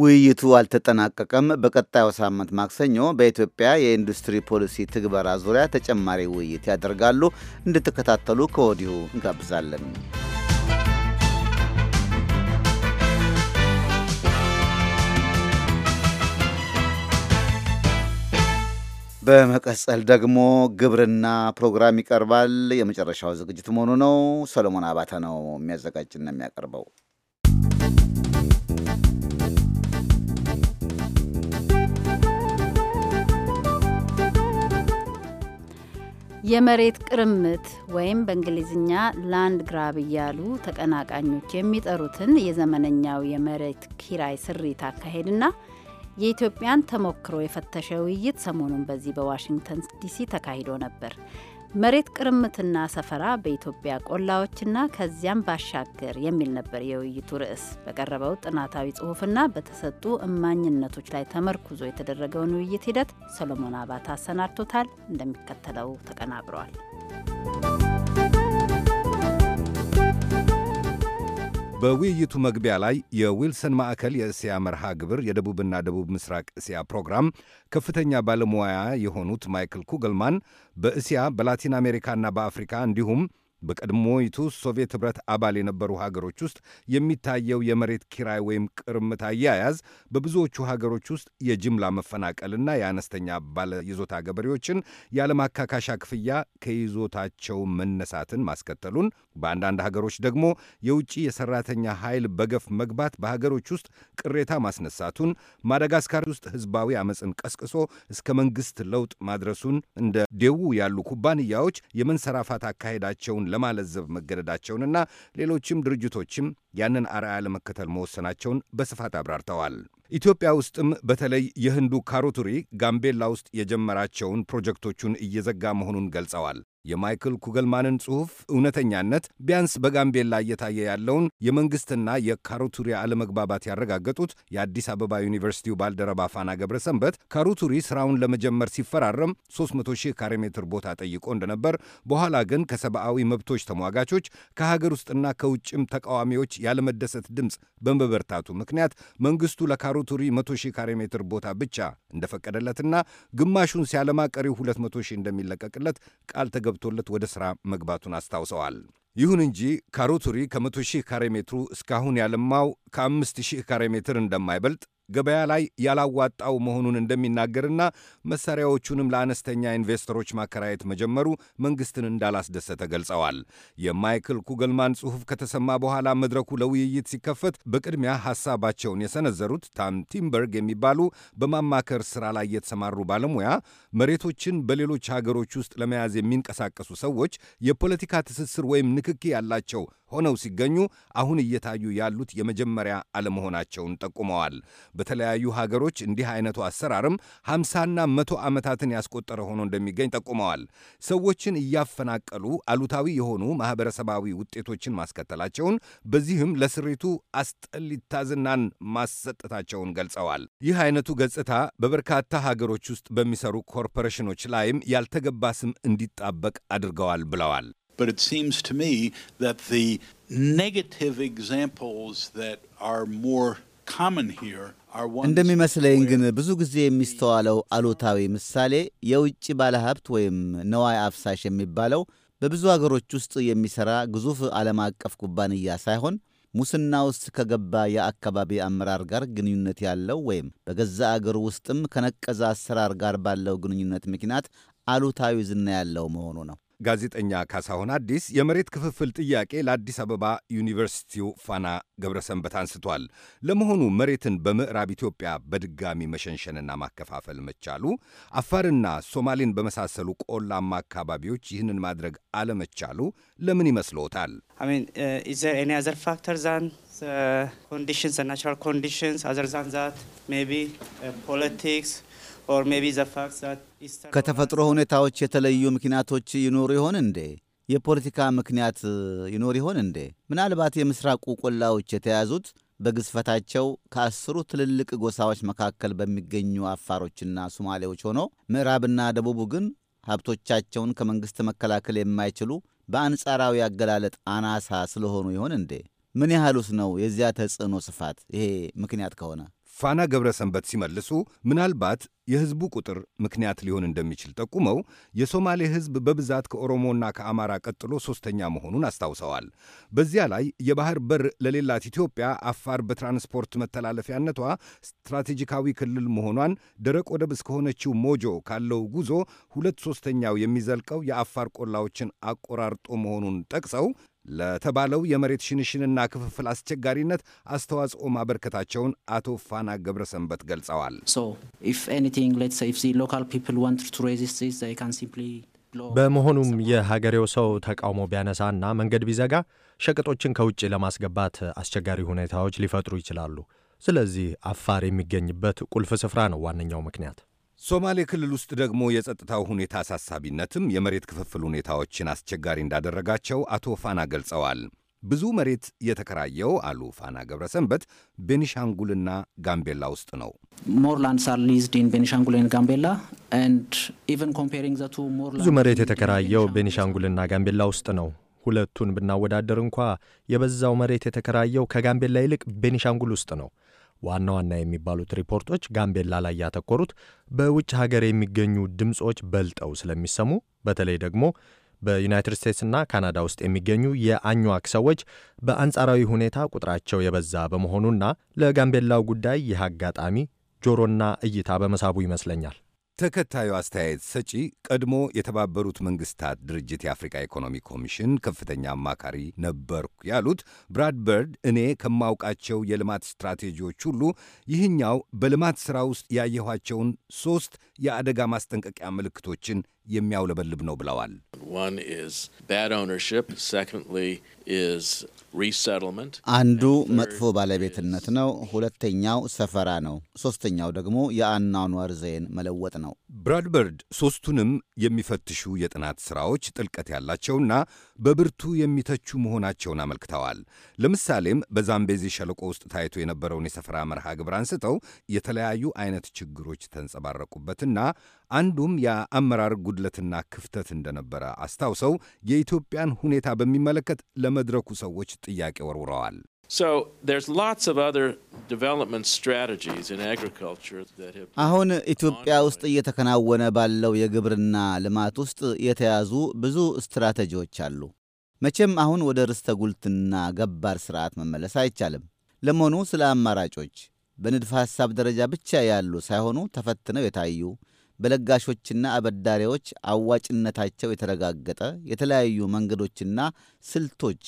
ውይይቱ አልተጠናቀቀም። በቀጣዩ ሳምንት ማክሰኞ በኢትዮጵያ የኢንዱስትሪ ፖሊሲ ትግበራ ዙሪያ ተጨማሪ ውይይት ያደርጋሉ። እንድትከታተሉ ከወዲሁ እንጋብዛለን። በመቀጸል ደግሞ ግብርና ፕሮግራም ይቀርባል። የመጨረሻው ዝግጅት መሆኑ ነው። ሰሎሞን አባተ ነው የሚያዘጋጅና የሚያቀርበው። የመሬት ቅርምት ወይም በእንግሊዝኛ ላንድ ግራብ እያሉ ተቀናቃኞች የሚጠሩትን የዘመነኛው የመሬት ኪራይ ስሪት አካሄድና የኢትዮጵያን ተሞክሮ የፈተሸ ውይይት ሰሞኑን በዚህ በዋሽንግተን ዲሲ ተካሂዶ ነበር። መሬት ቅርምትና ሰፈራ በኢትዮጵያ ቆላዎችና ከዚያም ባሻገር የሚል ነበር የውይይቱ ርዕስ። በቀረበው ጥናታዊ ጽሑፍና በተሰጡ እማኝነቶች ላይ ተመርኩዞ የተደረገውን ውይይት ሂደት ሰሎሞን አባት አሰናድቶታል። እንደሚከተለው ተቀናብረዋል። በውይይቱ መግቢያ ላይ የዊልሰን ማዕከል የእስያ መርሃ ግብር የደቡብና ደቡብ ምስራቅ እስያ ፕሮግራም ከፍተኛ ባለሙያ የሆኑት ማይክል ኩገልማን በእስያ በላቲን አሜሪካና በአፍሪካ እንዲሁም በቀድሞይቱ ሶቪየት ኅብረት አባል የነበሩ ሀገሮች ውስጥ የሚታየው የመሬት ኪራይ ወይም ቅርምት አያያዝ በብዙዎቹ ሀገሮች ውስጥ የጅምላ መፈናቀልና የአነስተኛ ባለይዞታ ገበሬዎችን ያለማካካሻ ክፍያ ከይዞታቸው መነሳትን ማስከተሉን፣ በአንዳንድ ሀገሮች ደግሞ የውጭ የሠራተኛ ኃይል በገፍ መግባት በሀገሮች ውስጥ ቅሬታ ማስነሳቱን፣ ማዳጋስካር ውስጥ ሕዝባዊ አመፅን ቀስቅሶ እስከ መንግሥት ለውጥ ማድረሱን፣ እንደ ዴዉ ያሉ ኩባንያዎች የመንሰራፋት አካሄዳቸውን መሆኑን ለማለዘብ መገደዳቸውንና ሌሎችም ድርጅቶችም ያንን አርአያ ለመከተል መወሰናቸውን በስፋት አብራርተዋል። ኢትዮጵያ ውስጥም በተለይ የህንዱ ካሮቱሪ ጋምቤላ ውስጥ የጀመራቸውን ፕሮጀክቶቹን እየዘጋ መሆኑን ገልጸዋል። የማይክል ኩገልማንን ጽሑፍ እውነተኛነት ቢያንስ በጋምቤላ እየታየ ያለውን የመንግሥትና የካሩቱሪ አለመግባባት ያረጋገጡት የአዲስ አበባ ዩኒቨርሲቲው ባልደረባ ፋና ገብረ ሰንበት ካሩቱሪ ስራውን ለመጀመር ሲፈራረም 300 ሺህ ካሬ ሜትር ቦታ ጠይቆ እንደነበር፣ በኋላ ግን ከሰብአዊ መብቶች ተሟጋቾች ከሀገር ውስጥና ከውጭም ተቃዋሚዎች ያለመደሰት ድምፅ በመበርታቱ ምክንያት መንግሥቱ ለካሩቱሪ 100 ሺህ ካሬ ሜትር ቦታ ብቻ እንደፈቀደለትና ግማሹን ሲያለማ ቀሪው 200 ሺህ እንደሚለቀቅለት ቃል ተገብ ገብቶለት ወደ ሥራ መግባቱን አስታውሰዋል። ይሁን እንጂ ካሮቱሪ ከመቶ ሺህ ካሬ ሜትሩ እስካሁን ያለማው ከአምስት ሺህ ካሬ ሜትር እንደማይበልጥ ገበያ ላይ ያላዋጣው መሆኑን እንደሚናገርና መሳሪያዎቹንም ለአነስተኛ ኢንቨስተሮች ማከራየት መጀመሩ መንግስትን እንዳላስደሰተ ገልጸዋል። የማይክል ኩገልማን ጽሑፍ ከተሰማ በኋላ መድረኩ ለውይይት ሲከፈት በቅድሚያ ሐሳባቸውን የሰነዘሩት ታም ቲምበርግ የሚባሉ በማማከር ሥራ ላይ የተሰማሩ ባለሙያ መሬቶችን በሌሎች ሀገሮች ውስጥ ለመያዝ የሚንቀሳቀሱ ሰዎች የፖለቲካ ትስስር ወይም ንክኪ ያላቸው ሆነው ሲገኙ አሁን እየታዩ ያሉት የመጀመሪያ አለመሆናቸውን ጠቁመዋል። በተለያዩ ሀገሮች እንዲህ አይነቱ አሰራርም ሃምሳና መቶ ዓመታትን ያስቆጠረ ሆኖ እንደሚገኝ ጠቁመዋል። ሰዎችን እያፈናቀሉ አሉታዊ የሆኑ ማኅበረሰባዊ ውጤቶችን ማስከተላቸውን በዚህም ለስሪቱ አስጠሊታ ዝናን ማሰጠታቸውን ገልጸዋል። ይህ አይነቱ ገጽታ በበርካታ ሀገሮች ውስጥ በሚሰሩ ኮርፖሬሽኖች ላይም ያልተገባ ስም እንዲጣበቅ አድርገዋል ብለዋል። But it seems to me that the negative examples that are more common here እንደሚመስለኝ ግን ብዙ ጊዜ የሚስተዋለው አሉታዊ ምሳሌ የውጭ ባለሀብት ወይም ነዋይ አፍሳሽ የሚባለው በብዙ አገሮች ውስጥ የሚሠራ ግዙፍ ዓለም አቀፍ ኩባንያ ሳይሆን ሙስና ውስጥ ከገባ የአካባቢ አመራር ጋር ግንኙነት ያለው ወይም በገዛ አገር ውስጥም ከነቀዘ አሰራር ጋር ባለው ግንኙነት ምክንያት አሉታዊ ዝና ያለው መሆኑ ነው። ጋዜጠኛ ካሳሁን አዲስ የመሬት ክፍፍል ጥያቄ ለአዲስ አበባ ዩኒቨርሲቲው ፋና ገብረሰንበት አንስቷል። ለመሆኑ መሬትን በምዕራብ ኢትዮጵያ በድጋሚ መሸንሸንና ማከፋፈል መቻሉ፣ አፋርና ሶማሌን በመሳሰሉ ቆላማ አካባቢዎች ይህንን ማድረግ አለመቻሉ ለምን ይመስልዎታል? ኮንዲሽንስ ናቹራል ኮንዲሽንስ ፖለቲክስ ከተፈጥሮ ሁኔታዎች የተለዩ ምክንያቶች ይኖሩ ይሆን እንዴ? የፖለቲካ ምክንያት ይኖር ይሆን እንዴ? ምናልባት የምስራቁ ቆላዎች የተያዙት በግዝፈታቸው ከአስሩ ትልልቅ ጎሳዎች መካከል በሚገኙ አፋሮችና ሶማሌዎች ሆኖ ምዕራብና ደቡቡ ግን ሀብቶቻቸውን ከመንግሥት መከላከል የማይችሉ በአንጻራዊ አገላለጥ አናሳ ስለሆኑ ይሆን እንዴ? ምን ያህሉስ ነው የዚያ ተጽዕኖ ስፋት? ይሄ ምክንያት ከሆነ ፋና ገብረ ሰንበት ሲመልሱ ምናልባት የህዝቡ ቁጥር ምክንያት ሊሆን እንደሚችል ጠቁመው የሶማሌ ህዝብ በብዛት ከኦሮሞና ከአማራ ቀጥሎ ሦስተኛ መሆኑን አስታውሰዋል። በዚያ ላይ የባህር በር ለሌላት ኢትዮጵያ አፋር በትራንስፖርት መተላለፊያነቷ ስትራቴጂካዊ ክልል መሆኗን ደረቅ ወደብ እስከሆነችው ሞጆ ካለው ጉዞ ሁለት ሦስተኛው የሚዘልቀው የአፋር ቆላዎችን አቆራርጦ መሆኑን ጠቅሰው ለተባለው የመሬት ሽንሽንና ክፍፍል አስቸጋሪነት አስተዋጽኦ ማበርከታቸውን አቶ ፋና ገብረሰንበት ገልጸዋል። በመሆኑም የሀገሬው ሰው ተቃውሞ ቢያነሳና መንገድ ቢዘጋ ሸቀጦችን ከውጭ ለማስገባት አስቸጋሪ ሁኔታዎች ሊፈጥሩ ይችላሉ። ስለዚህ አፋር የሚገኝበት ቁልፍ ስፍራ ነው ዋነኛው ምክንያት። ሶማሌ ክልል ውስጥ ደግሞ የጸጥታው ሁኔታ አሳሳቢነትም የመሬት ክፍፍል ሁኔታዎችን አስቸጋሪ እንዳደረጋቸው አቶ ፋና ገልጸዋል። ብዙ መሬት የተከራየው አሉ ፋና ገብረሰንበት ቤኒሻንጉልና ጋምቤላ ውስጥ ነው። ብዙ መሬት የተከራየው ቤኒሻንጉልና ጋምቤላ ውስጥ ነው። ሁለቱን ብናወዳደር እንኳ የበዛው መሬት የተከራየው ከጋምቤላ ይልቅ ቤኒሻንጉል ውስጥ ነው። ዋና ዋና የሚባሉት ሪፖርቶች ጋምቤላ ላይ ያተኮሩት በውጭ ሀገር የሚገኙ ድምፆች በልጠው ስለሚሰሙ በተለይ ደግሞ በዩናይትድ ስቴትስና ካናዳ ውስጥ የሚገኙ የአኟዋክ ሰዎች በአንጻራዊ ሁኔታ ቁጥራቸው የበዛ በመሆኑና ለጋምቤላው ጉዳይ ይህ አጋጣሚ ጆሮና እይታ በመሳቡ ይመስለኛል። ተከታዩ አስተያየት ሰጪ ቀድሞ የተባበሩት መንግስታት ድርጅት የአፍሪካ ኢኮኖሚ ኮሚሽን ከፍተኛ አማካሪ ነበርኩ ያሉት ብራድ በርድ እኔ ከማውቃቸው የልማት ስትራቴጂዎች ሁሉ ይህኛው በልማት ሥራ ውስጥ ያየኋቸውን ሦስት የአደጋ ማስጠንቀቂያ ምልክቶችን የሚያውለበልብ ነው ብለዋል። አንዱ መጥፎ ባለቤትነት ነው። ሁለተኛው ሰፈራ ነው። ሶስተኛው ደግሞ የአኗኗር ዘይን መለወጥ ነው። ብራድበርድ ሦስቱንም የሚፈትሹ የጥናት ሥራዎች ጥልቀት ያላቸውና በብርቱ የሚተቹ መሆናቸውን አመልክተዋል። ለምሳሌም በዛምቤዚ ሸለቆ ውስጥ ታይቶ የነበረውን የሰፈራ መርሃ ግብር አንስተው የተለያዩ አይነት ችግሮች ተንጸባረቁበትና አንዱም የአመራር ጉድለትና ክፍተት እንደነበረ አስታውሰው የኢትዮጵያን ሁኔታ በሚመለከት ለመድረኩ ሰዎች ጥያቄ ወርውረዋል። አሁን ኢትዮጵያ ውስጥ እየተከናወነ ባለው የግብርና ልማት ውስጥ የተያዙ ብዙ ስትራቴጂዎች አሉ። መቼም አሁን ወደ ርስተ ጉልትና ገባር ስርዓት መመለስ አይቻልም። ለመሆኑ ስለ አማራጮች በንድፈ ሐሳብ ደረጃ ብቻ ያሉ ሳይሆኑ ተፈትነው የታዩ በለጋሾችና አበዳሪዎች አዋጭነታቸው የተረጋገጠ የተለያዩ መንገዶችና ስልቶች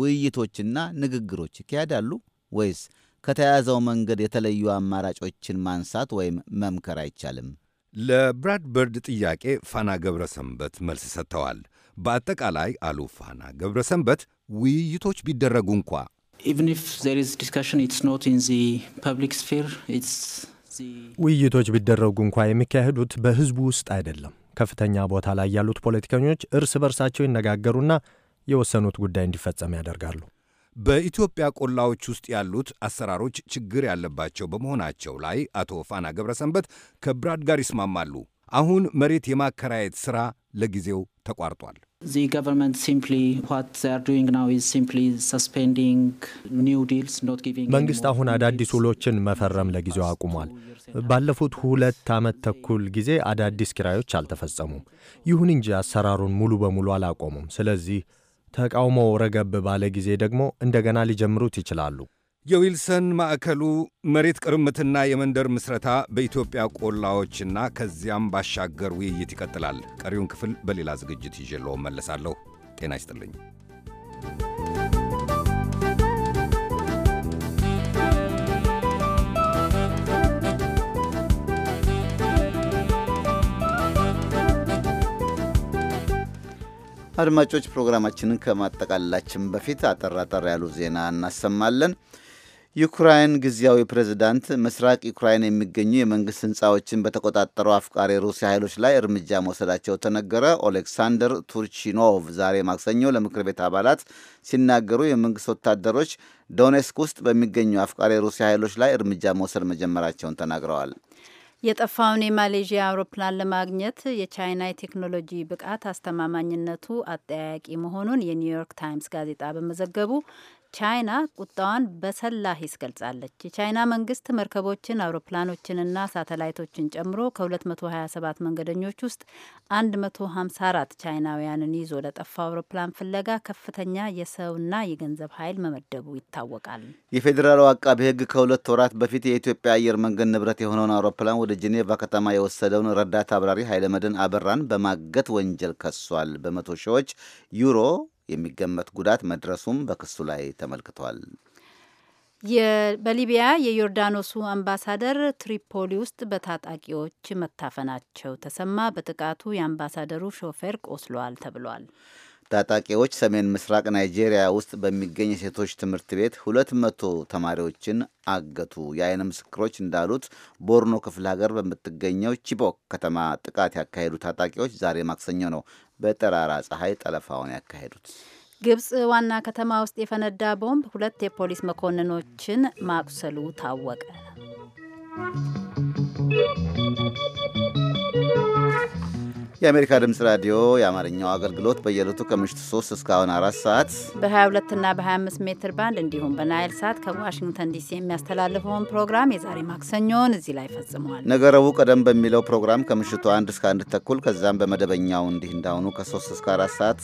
ውይይቶችና ንግግሮች ይካሄዳሉ ወይስ ከተያዘው መንገድ የተለዩ አማራጮችን ማንሳት ወይም መምከር አይቻልም? ለብራድበርድ ጥያቄ ፋና ገብረ ሰንበት መልስ ሰጥተዋል። በአጠቃላይ አሉ ፋና ገብረ ሰንበት ውይይቶች ቢደረጉ እንኳ ውይይቶች ቢደረጉ እንኳ የሚካሄዱት በሕዝቡ ውስጥ አይደለም። ከፍተኛ ቦታ ላይ ያሉት ፖለቲከኞች እርስ በርሳቸው ይነጋገሩና የወሰኑት ጉዳይ እንዲፈጸም ያደርጋሉ። በኢትዮጵያ ቆላዎች ውስጥ ያሉት አሰራሮች ችግር ያለባቸው በመሆናቸው ላይ አቶ ፋና ገብረሰንበት ከብራድ ጋር ይስማማሉ። አሁን መሬት የማከራየት ሥራ ለጊዜው ተቋርጧል። መንግሥት አሁን አዳዲስ ውሎችን መፈረም ለጊዜው አቁሟል። ባለፉት ሁለት ዓመት ተኩል ጊዜ አዳዲስ ኪራዮች አልተፈጸሙም። ይሁን እንጂ አሰራሩን ሙሉ በሙሉ አላቆሙም። ስለዚህ ተቃውሞ ረገብ ባለ ጊዜ ደግሞ እንደገና ሊጀምሩት ይችላሉ። የዊልሰን ማዕከሉ መሬት ቅርምትና የመንደር ምስረታ በኢትዮጵያ ቆላዎችና ከዚያም ባሻገር ውይይት ይቀጥላል። ቀሪውን ክፍል በሌላ ዝግጅት ይዤለው መለሳለሁ። ጤና ይስጥልኝ። አድማጮች ፕሮግራማችንን ከማጠቃላችን በፊት አጠር አጠር ያሉ ዜና እናሰማለን። ዩክራይን ጊዜያዊ ፕሬዝዳንት ምስራቅ ዩክራይን የሚገኙ የመንግስት ህንፃዎችን በተቆጣጠሩ አፍቃሪ ሩሲያ ኃይሎች ላይ እርምጃ መውሰዳቸው ተነገረ። ኦሌክሳንደር ቱርቺኖቭ ዛሬ ማክሰኞ ለምክር ቤት አባላት ሲናገሩ የመንግስት ወታደሮች ዶኔስክ ውስጥ በሚገኙ አፍቃሪ ሩሲያ ኃይሎች ላይ እርምጃ መውሰድ መጀመራቸውን ተናግረዋል። የጠፋውን የማሌዥያ አውሮፕላን ለማግኘት የቻይና የቴክኖሎጂ ብቃት አስተማማኝነቱ አጠያያቂ መሆኑን የኒውዮርክ ታይምስ ጋዜጣ በመዘገቡ ቻይና ቁጣዋን በሰላ ሂስ ገልጻለች። የቻይና መንግስት መርከቦችን፣ አውሮፕላኖችንና ሳተላይቶችን ጨምሮ ከ227 መንገደኞች ውስጥ 154 ቻይናውያንን ይዞ ለጠፋ አውሮፕላን ፍለጋ ከፍተኛ የሰውና የገንዘብ ኃይል መመደቡ ይታወቃል። የፌዴራሉ አቃቢ ህግ ከሁለት ወራት በፊት የኢትዮጵያ አየር መንገድ ንብረት የሆነውን አውሮፕላን ወደ ጄኔቫ ከተማ የወሰደውን ረዳት አብራሪ ኃይለመድን አበራን በማገት ወንጀል ከሷል። በመቶ ሺዎች ዩሮ የሚገመት ጉዳት መድረሱም በክሱ ላይ ተመልክቷል። በሊቢያ የዮርዳኖሱ አምባሳደር ትሪፖሊ ውስጥ በታጣቂዎች መታፈናቸው ተሰማ። በጥቃቱ የአምባሳደሩ ሾፌር ቆስሏል ተብሏል። ታጣቂዎች ሰሜን ምስራቅ ናይጄሪያ ውስጥ በሚገኝ የሴቶች ትምህርት ቤት ሁለት መቶ ተማሪዎችን አገቱ። የአይን ምስክሮች እንዳሉት ቦርኖ ክፍለ ሀገር በምትገኘው ቺቦክ ከተማ ጥቃት ያካሄዱ ታጣቂዎች ዛሬ ማክሰኞ ነው በጠራራ ፀሐይ ጠለፋውን ያካሄዱት። ግብጽ ዋና ከተማ ውስጥ የፈነዳ ቦምብ ሁለት የፖሊስ መኮንኖችን ማቁሰሉ ታወቀ። የአሜሪካ ድምፅ ራዲዮ የአማርኛው አገልግሎት በየለቱ ከምሽቱ 3 እስካሁን አራት ሰዓት በ22 እና በ25 ሜትር ባንድ እንዲሁም በናይል ሳት ከዋሽንግተን ዲሲ የሚያስተላልፈውን ፕሮግራም የዛሬ ማክሰኞን እዚህ ላይ ፈጽመዋል። ነገረቡ ቀደም በሚለው ፕሮግራም ከምሽቱ 1 እስከ አንድ ተኩል ከዛም በመደበኛው እንዲህ እንዳሁኑ ከ3 እስከ አራት ሰዓት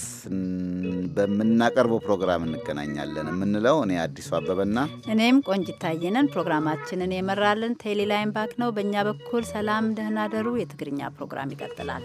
በምናቀርበው ፕሮግራም እንገናኛለን የምንለው እኔ አዲሱ አበበና እኔም ቆንጅታየንን ፕሮግራማችንን የመራልን ቴሌላይን ባክ ነው። በእኛ በኩል ሰላም፣ ደህና ደሩ። የትግርኛ ፕሮግራም ይቀጥላል።